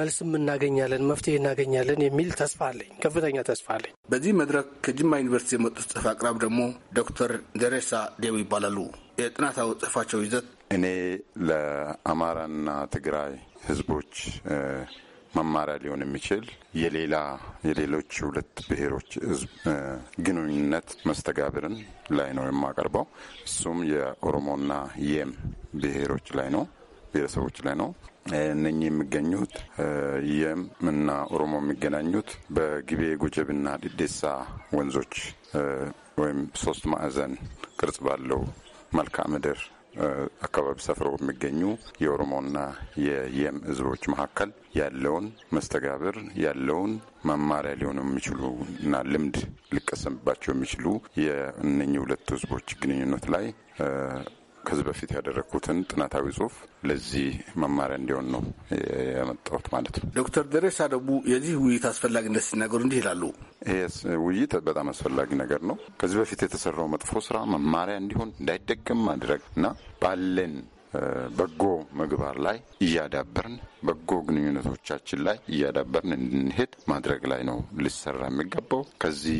መልስም እናገኛለን፣ መፍትሄ እናገኛለን የሚል ተስፋ አለኝ። ከፍተኛ ተስፋ አለኝ። በዚህ መድረክ ከጅማ ዩኒቨርሲቲ የመጡት ጽፍ አቅራብ ደግሞ ዶክተር ደሬሳ ዴው ይባላሉ። የጥናታዊ ጽሑፋቸው ይዘት እኔ ለአማራና ትግራይ ህዝቦች መማሪያ ሊሆን የሚችል የሌላ የሌሎች ሁለት ብሔሮች ግንኙነት መስተጋብርን ላይ ነው የማቀርበው። እሱም የኦሮሞና የም ብሔሮች ላይ ነው ብሔረሰቦች ላይ ነው። እነኚህ የሚገኙት የም እና ኦሮሞ የሚገናኙት በጊቤ ጎጀብና ዲዴሳ ወንዞች ወይም ሶስት ማዕዘን ቅርጽ ባለው መልክዓ ምድር አካባቢ ሰፍረው የሚገኙ የኦሮሞና የየም ህዝቦች መካከል ያለውን መስተጋብር ያለውን መማሪያ ሊሆኑ የሚችሉ እና ልምድ ሊቀሰምባቸው የሚችሉ የእነኚህ ሁለት ህዝቦች ግንኙነት ላይ ከዚህ በፊት ያደረግኩትን ጥናታዊ ጽሁፍ ለዚህ መማሪያ እንዲሆን ነው የመጣሁት ማለት ነው። ዶክተር ደሬሳ ደቡ የዚህ ውይይት አስፈላጊነት ሲናገሩ እንዲህ ይላሉ። ይሄ ውይይት በጣም አስፈላጊ ነገር ነው። ከዚህ በፊት የተሰራው መጥፎ ስራ መማሪያ እንዲሆን እንዳይደገም ማድረግ እና ባለን በጎ ምግባር ላይ እያዳበርን በጎ ግንኙነቶቻችን ላይ እያዳበርን እንድንሄድ ማድረግ ላይ ነው ሊሰራ የሚገባው። ከዚህ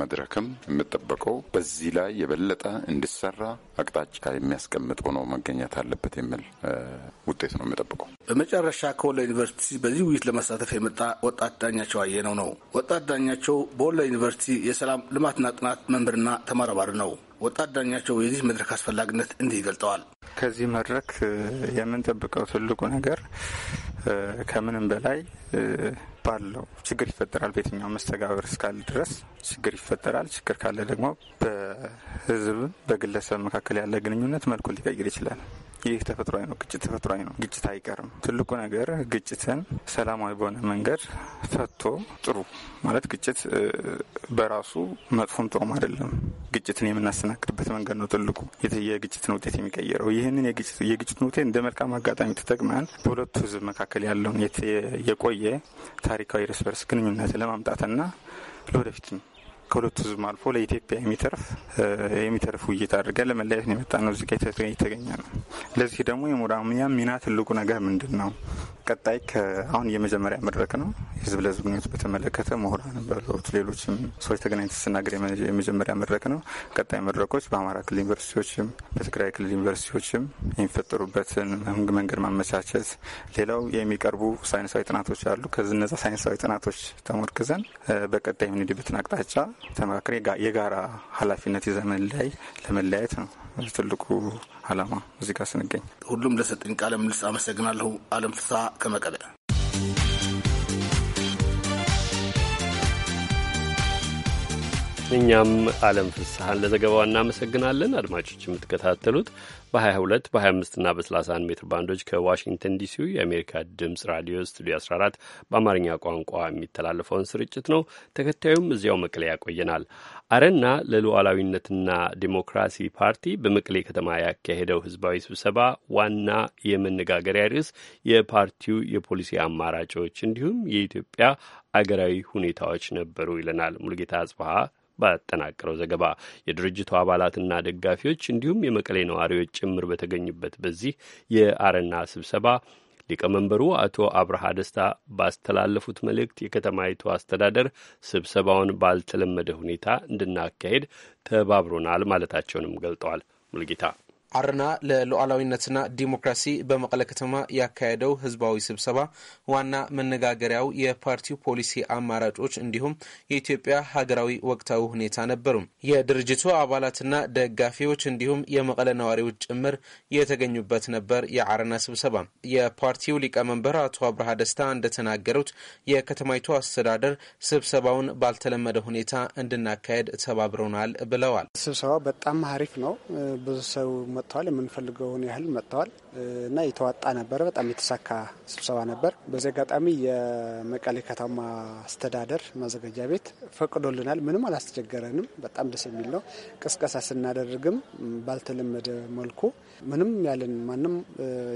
መድረክም የምጠበቀው በዚህ ላይ የበለጠ እንዲሰራ አቅጣጫ የሚያስቀምጥ ሆኖ መገኘት አለበት የሚል ውጤት ነው የምጠብቀው። በመጨረሻ ከወሎ ዩኒቨርሲቲ በዚህ ውይይት ለመሳተፍ የመጣ ወጣት ዳኛቸው አየነው ነው። ወጣት ዳኛቸው በወሎ ዩኒቨርሲቲ የሰላም ልማትና ጥናት መምህርና ተመራማሪ ነው። ወጣት ዳኛቸው የዚህ መድረክ አስፈላጊነት እንዲህ ይገልጠዋል። ከዚህ መድረክ የምንጠብቀው ትልቁ ነገር ከምንም በላይ ባለው ችግር ይፈጠራል። በየትኛው መስተጋብር እስካለ ድረስ ችግር ይፈጠራል። ችግር ካለ ደግሞ በህዝብ በግለሰብ መካከል ያለ ግንኙነት መልኩ ሊቀይር ይችላል። ይህ ተፈጥሯዊ ነው። ግጭት ተፈጥሯዊ ነው። ግጭት አይቀርም። ትልቁ ነገር ግጭትን ሰላማዊ በሆነ መንገድ ፈቶ ጥሩ ማለት ግጭት በራሱ መጥፎም ጥሩም አይደለም። ግጭትን የምናስተናግድበት መንገድ ነው ትልቁ የግጭትን ውጤት የሚቀይረው። ይህንን የግጭትን ውጤት እንደ መልካም አጋጣሚ ተጠቅመን በሁለቱ ህዝብ መካከል ያለውን የቆየ ታሪካዊ እርስ በርስ ግንኙነት ለማምጣትና ለወደፊትም ከሁለቱ ህዝብ አልፎ ለኢትዮጵያ የሚተርፍ የሚተርፍ ውይይት አድርገን ለመለያየት የመጣ ነው እዚህ ጋር የተገኘ ነው። ለዚህ ደግሞ የሞራሚያ ሚና ትልቁ ነገር ምንድን ነው? ቀጣይ አሁን የመጀመሪያ መድረክ ነው። የህዝብ ለህዝብ ግንኙነት በተመለከተ ምሁራን በሎት ሌሎችም ሰዎች ተገናኝተን ስናገር የመጀመሪያ መድረክ ነው። ቀጣይ መድረኮች በአማራ ክልል ዩኒቨርሲቲዎችም በትግራይ ክልል ዩኒቨርሲቲዎችም የሚፈጠሩበትን መንገድ ማመቻቸት፣ ሌላው የሚቀርቡ ሳይንሳዊ ጥናቶች አሉ። ከዚህ እነዛ ሳይንሳዊ ጥናቶች ተሞርክዘን በቀጣይ የምንሄድበትን አቅጣጫ ተመካክሬ የጋራ ኃላፊነት ይዘን ላይ ለመለያየት ነው ትልቁ አላማ። እዚህ ጋር ስንገኝ። ሁሉም ለሰጠኝ ቃለ ምልስ አመሰግናለሁ። አለም ፍስሀ ከመቀለ እኛም አለም ፍስሐን ለዘገባው እናመሰግናለን። አድማጮች የምትከታተሉት በ22 25 እና በ31 ሜትር ባንዶች ከዋሽንግተን ዲሲ የአሜሪካ ድምፅ ራዲዮ ስቱዲዮ 14 በአማርኛ ቋንቋ የሚተላለፈውን ስርጭት ነው። ተከታዩም እዚያው መቀሌ ያቆየናል። አረና ለሉዓላዊነትና ዲሞክራሲ ፓርቲ በመቀሌ ከተማ ያካሄደው ህዝባዊ ስብሰባ ዋና የመነጋገሪያ ርዕስ የፓርቲው የፖሊሲ አማራጮች እንዲሁም የኢትዮጵያ አገራዊ ሁኔታዎች ነበሩ ይለናል ሙሉጌታ አጽበሀ ባጠናቀረው ዘገባ የድርጅቱ አባላትና ደጋፊዎች እንዲሁም የመቀሌ ነዋሪዎች ጭምር በተገኙበት በዚህ የአረና ስብሰባ ሊቀመንበሩ አቶ አብርሃ ደስታ ባስተላለፉት መልእክት የከተማይቱ አስተዳደር ስብሰባውን ባልተለመደ ሁኔታ እንድናካሄድ ተባብሮናል ማለታቸውንም ገልጠዋል። ሙልጌታ አርና ለሉዓላዊነትና ዲሞክራሲ በመቀለ ከተማ ያካሄደው ህዝባዊ ስብሰባ ዋና መነጋገሪያው የፓርቲው ፖሊሲ አማራጮች እንዲሁም የኢትዮጵያ ሀገራዊ ወቅታዊ ሁኔታ ነበሩ። የድርጅቱ አባላትና ደጋፊዎች እንዲሁም የመቀለ ነዋሪዎች ጭምር የተገኙበት ነበር። የአርና ስብሰባ የፓርቲው ሊቀመንበር አቶ አብርሃ ደስታ እንደተናገሩት የከተማይቱ አስተዳደር ስብሰባውን ባልተለመደ ሁኔታ እንድናካሄድ ተባብረውናል ብለዋል። ስብሰባው በጣም አሪፍ ነው። ብዙ ሰው መጥተዋል። የምንፈልገውን ያህል መጥተዋል እና የተዋጣ ነበረ። በጣም የተሳካ ስብሰባ ነበር። በዚህ አጋጣሚ የመቀሌ ከተማ አስተዳደር ማዘጋጃ ቤት ፈቅዶልናል። ምንም አላስቸገረንም። በጣም ደስ የሚል ነው። ቅስቀሳ ስናደርግም ባልተለመደ መልኩ ምንም ያለን ማንም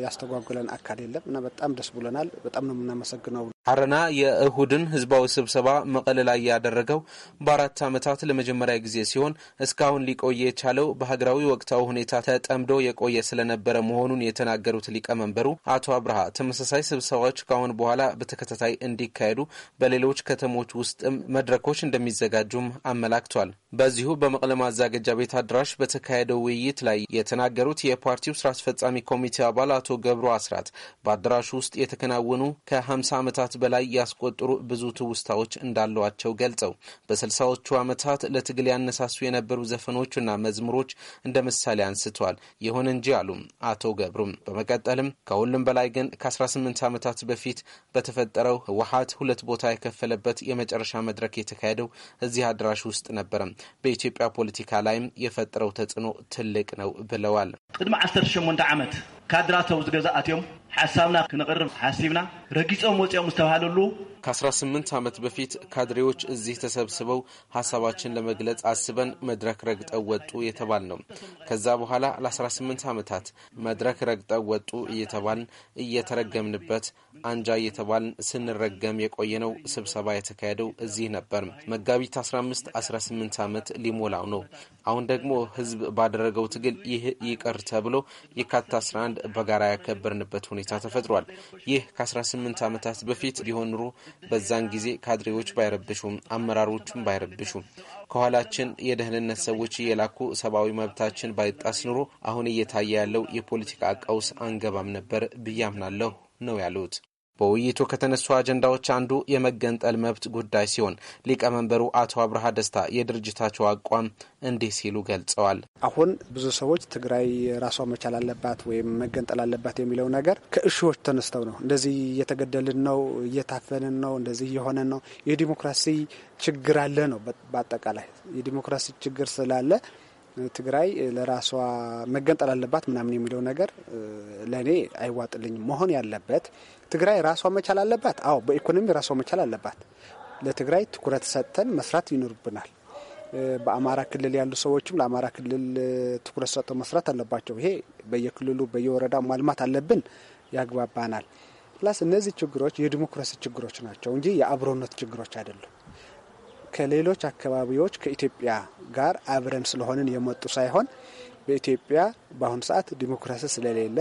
ያስተጓጉለን አካል የለም እና በጣም ደስ ብሎናል። በጣም ነው የምናመሰግነው። አረና የእሁድን ህዝባዊ ስብሰባ መቀለ ላይ ያደረገው በአራት ዓመታት ለመጀመሪያ ጊዜ ሲሆን እስካሁን ሊቆየ የቻለው በሀገራዊ ወቅታዊ ሁኔታ ተጠምዶ የቆየ ስለነበረ መሆኑን የተናገሩት ሊቀመንበሩ አቶ አብርሃ ተመሳሳይ ስብሰባዎች ካሁን በኋላ በተከታታይ እንዲካሄዱ በሌሎች ከተሞች ውስጥም መድረኮች እንደሚዘጋጁም አመላክቷል። በዚሁ በመቀለ ማዘጋጃ ቤት አዳራሽ በተካሄደው ውይይት ላይ የተናገሩት የፓርቲው ስራ አስፈጻሚ ኮሚቴ አባል አቶ ገብሩ አስራት በአዳራሹ ውስጥ የተከናወኑ ከ50 ዓመታት በላይ ያስቆጠሩ ብዙ ትውስታዎች እንዳሏቸው ገልጸው በስልሳዎቹ ዓመታት ለትግል ያነሳሱ የነበሩ ዘፈኖችና መዝሙሮች እንደ ምሳሌ አንስተዋል። ይሁን እንጂ አሉ አቶ ገብሩም በመቀጠልም ከሁሉም በላይ ግን ከ18 ዓመታት በፊት በተፈጠረው ህወሀት ሁለት ቦታ የከፈለበት የመጨረሻ መድረክ የተካሄደው እዚህ አዳራሽ ውስጥ ነበረ። በኢትዮጵያ ፖለቲካ ላይም የፈጠረው ተጽዕኖ ትልቅ ነው ብለዋል። ቅድሚ 18 ዓመት ካድራተው ዝገዛ አትዮም ሓሳብና ክንቕርብ ሓሲብና ረጊፆም ወፂኦም ዝተባሃለሉ ከ18 ዓመት በፊት ካድሬዎች እዚህ ተሰብስበው ሀሳባችን ለመግለጽ አስበን መድረክ ረግጠው ወጡ የተባል ነው። ከዛ በኋላ ለ18 ዓመታት መድረክ ረግጠው ወጡ እየተባልን እየተረገምንበት አንጃ እየተባልን ስንረገም የቆየነው ስብሰባ የተካሄደው እዚህ ነበር። መጋቢት 15 18 ዓመት ሊሞላው ነው። አሁን ደግሞ ህዝብ ባደረገው ትግል ይህ ይቅር ተብሎ የካቲት 11 በጋራ ያከበርንበት ሁኔታ ተፈጥሯል። ይህ ከ18 ዓመታት በፊት ቢሆን ኑሮ በዛን ጊዜ ካድሬዎች ባይረብሹም፣ አመራሮቹም ባይረብሹም፣ ከኋላችን የደህንነት ሰዎች እየላኩ ሰብአዊ መብታችን ባይጣስ ኑሮ አሁን እየታየ ያለው የፖለቲካ ቀውስ አንገባም ነበር ብዬ አምናለሁ ነው ያሉት። በውይይቱ ከተነሱ አጀንዳዎች አንዱ የመገንጠል መብት ጉዳይ ሲሆን ሊቀመንበሩ አቶ አብርሃ ደስታ የድርጅታቸው አቋም እንዲህ ሲሉ ገልጸዋል። አሁን ብዙ ሰዎች ትግራይ ራሷ መቻል አለባት ወይም መገንጠል አለባት የሚለው ነገር ከእሾዎች ተነስተው ነው። እንደዚህ እየተገደልን ነው፣ እየታፈንን ነው፣ እንደዚህ እየሆነን ነው፣ የዲሞክራሲ ችግር አለ ነው። በአጠቃላይ የዲሞክራሲ ችግር ስላለ ትግራይ ለራሷ መገንጠል አለባት ምናምን የሚለው ነገር ለእኔ አይዋጥልኝም። መሆን ያለበት ትግራይ ራሷ መቻል አለባት። አዎ በኢኮኖሚ ራሷ መቻል አለባት። ለትግራይ ትኩረት ሰጥተን መስራት ይኖርብናል። በአማራ ክልል ያሉ ሰዎችም ለአማራ ክልል ትኩረት ሰጥተው መስራት አለባቸው። ይሄ በየክልሉ በየወረዳ ማልማት አለብን፣ ያግባባናል። ፕላስ እነዚህ ችግሮች የዲሞክራሲ ችግሮች ናቸው እንጂ የአብሮነት ችግሮች አይደሉም። ከሌሎች አካባቢዎች ከኢትዮጵያ ጋር አብረን ስለሆንን የመጡ ሳይሆን በኢትዮጵያ በአሁኑ ሰዓት ዲሞክራሲ ስለሌለ፣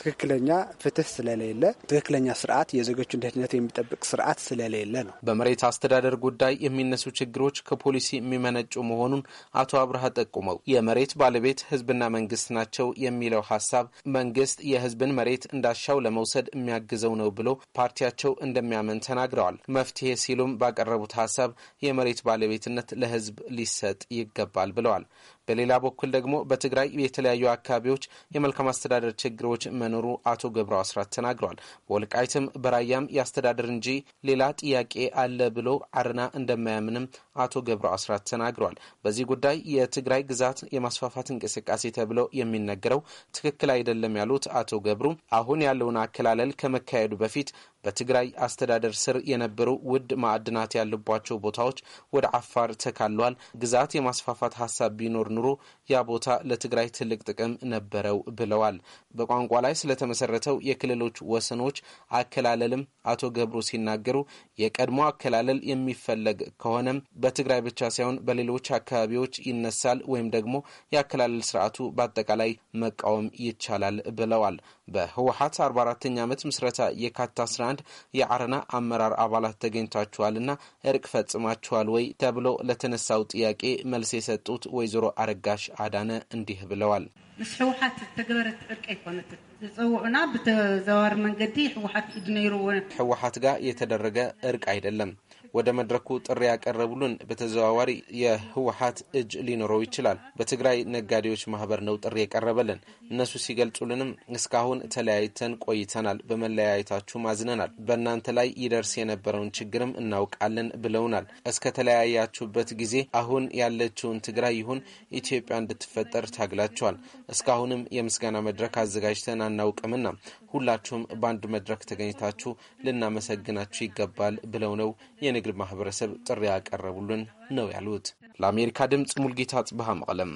ትክክለኛ ፍትህ ስለሌለ፣ ትክክለኛ ስርዓት የዜጎችን ደህንነት የሚጠብቅ ስርዓት ስለሌለ ነው። በመሬት አስተዳደር ጉዳይ የሚነሱ ችግሮች ከፖሊሲ የሚመነጩ መሆኑን አቶ አብርሃ ጠቁመው የመሬት ባለቤት ህዝብና መንግስት ናቸው የሚለው ሀሳብ መንግስት የህዝብን መሬት እንዳሻው ለመውሰድ የሚያግዘው ነው ብሎ ፓርቲያቸው እንደሚያምን ተናግረዋል። መፍትሄ ሲሉም ባቀረቡት ሀሳብ የመሬት ባለቤትነት ለህዝብ ሊሰጥ ይገባል ብለዋል። በሌላ በኩል ደግሞ በትግራይ የተለያዩ አካባቢ አካባቢዎች የመልካም አስተዳደር ችግሮች መኖሩ አቶ ገብረው አስራት ተናግረዋል። በወልቃይትም በራያም የአስተዳደር እንጂ ሌላ ጥያቄ አለ ብሎ አረና እንደማያምንም አቶ ገብሩ አስራት ተናግረዋል። በዚህ ጉዳይ የትግራይ ግዛት የማስፋፋት እንቅስቃሴ ተብለው የሚነገረው ትክክል አይደለም ያሉት አቶ ገብሩ አሁን ያለውን አከላለል ከመካሄዱ በፊት በትግራይ አስተዳደር ስር የነበሩ ውድ ማዕድናት ያለባቸው ቦታዎች ወደ አፋር ተካሏል። ግዛት የማስፋፋት ሀሳብ ቢኖር ኑሮ ያ ቦታ ለትግራይ ትልቅ ጥቅም ነበረው ብለዋል። በቋንቋ ላይ ስለተመሰረተው የክልሎች ወሰኖች አከላለልም አቶ ገብሩ ሲናገሩ የቀድሞ አከላለል የሚፈለግ ከሆነም በትግራይ ብቻ ሳይሆን በሌሎች አካባቢዎች ይነሳል ወይም ደግሞ የአከላለል ስርዓቱ በአጠቃላይ መቃወም ይቻላል ብለዋል። በህወሀት 44ኛ ዓመት ምስረታ የካቲት 11 የአረና አመራር አባላት ተገኝታችኋልና እርቅ ፈጽማችኋል ወይ ተብሎ ለተነሳው ጥያቄ መልስ የሰጡት ወይዘሮ አረጋሽ አዳነ እንዲህ ብለዋል። ምስ ሕወሓት ዝተገበረት ዕርቂ ኣይኮነትን ዝፀውዑና ብተዘዋዋሪ መንገዲ ኢድ ነይሩዎ ሕወሓት ጋር የተደረገ እርቅ አይደለም ወደ መድረኩ ጥሪ ያቀረቡልን በተዘዋዋሪ የህወሀት እጅ ሊኖረው ይችላል። በትግራይ ነጋዴዎች ማህበር ነው ጥሪ የቀረበልን። እነሱ ሲገልጹልንም እስካሁን ተለያይተን ቆይተናል፣ በመለያየታችሁ አዝነናል፣ በእናንተ ላይ ይደርስ የነበረውን ችግርም እናውቃለን ብለውናል። እስከተለያያችሁበት ጊዜ አሁን ያለችውን ትግራይ ይሁን ኢትዮጵያ እንድትፈጠር ታግላቸዋል። እስካሁንም የምስጋና መድረክ አዘጋጅተን አናውቅምና ሁላችሁም በአንድ መድረክ ተገኝታችሁ ልናመሰግናችሁ ይገባል ብለው ነው የንግድ ማህበረሰብ ጥሪ ያቀረቡልን ነው ያሉት። ለአሜሪካ ድምፅ ሙልጌታ ጽብሃ መቀለም።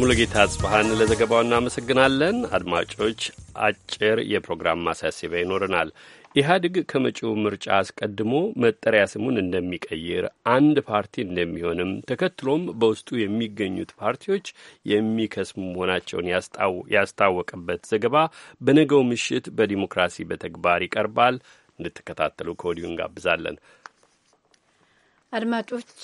ሙሉጌታ ጽብሃን ለዘገባው እናመሰግናለን። አድማጮች፣ አጭር የፕሮግራም ማሳሰቢያ ይኖረናል። ኢህአዴግ ከመጪው ምርጫ አስቀድሞ መጠሪያ ስሙን እንደሚቀይር አንድ ፓርቲ እንደሚሆንም ተከትሎም በውስጡ የሚገኙት ፓርቲዎች የሚከስሙ መሆናቸውን ያስታወቀበት ዘገባ በነገው ምሽት በዲሞክራሲ በተግባር ይቀርባል። እንድትከታተሉ ከወዲሁ እንጋብዛለን። አድማጮች፣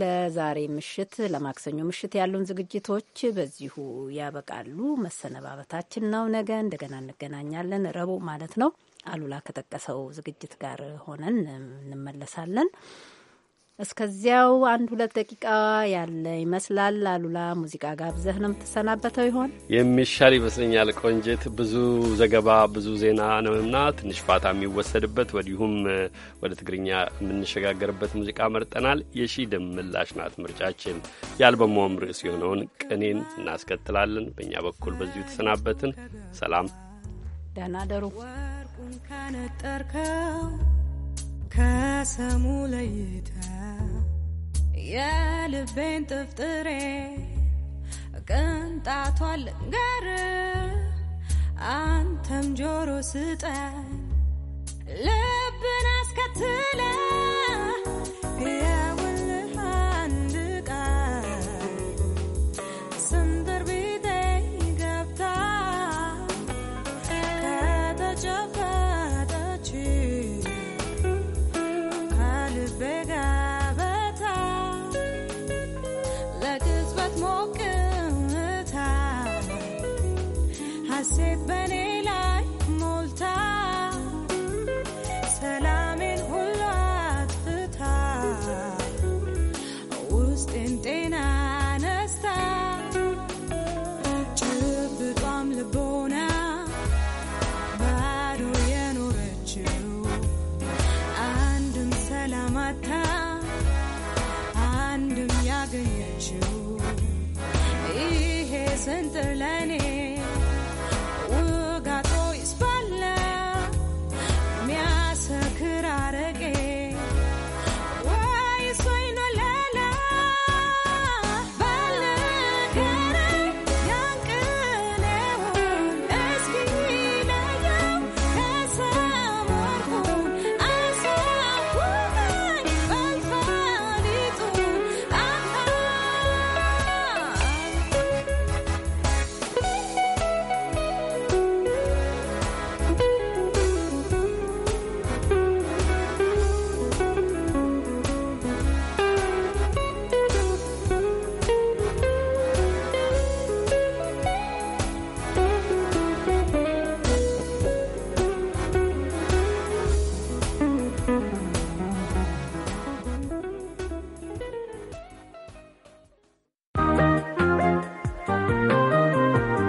ለዛሬ ምሽት ለማክሰኞ ምሽት ያሉን ዝግጅቶች በዚሁ ያበቃሉ። መሰነባበታችን ነው። ነገ እንደገና እንገናኛለን። ረቡዕ ማለት ነው። አሉላ ከጠቀሰው ዝግጅት ጋር ሆነን እንመለሳለን። እስከዚያው አንድ ሁለት ደቂቃ ያለ ይመስላል። አሉላ ሙዚቃ ጋብዘህ ነው የምትሰናበተው ይሆን? የሚሻል ይመስለኛል። ቆንጅት፣ ብዙ ዘገባ ብዙ ዜና ነውና ትንሽ ፋታ የሚወሰድበት ወዲሁም ወደ ትግርኛ የምንሸጋገርበት ሙዚቃ መርጠናል። የሺ ደም ናት ምርጫችን። የአልበሟም ርዕስ የሆነውን ቅኔን እናስከትላለን። በእኛ በኩል በዚሁ የተሰናበትን። ሰላም፣ ደህና ደሩ። ከነጠርከው ከሰሙ ለይተ የልቤን ጥፍጥሬ ቅንጣቷል ጋር አንተም ጆሮ ስጠን ልብን አስከትለን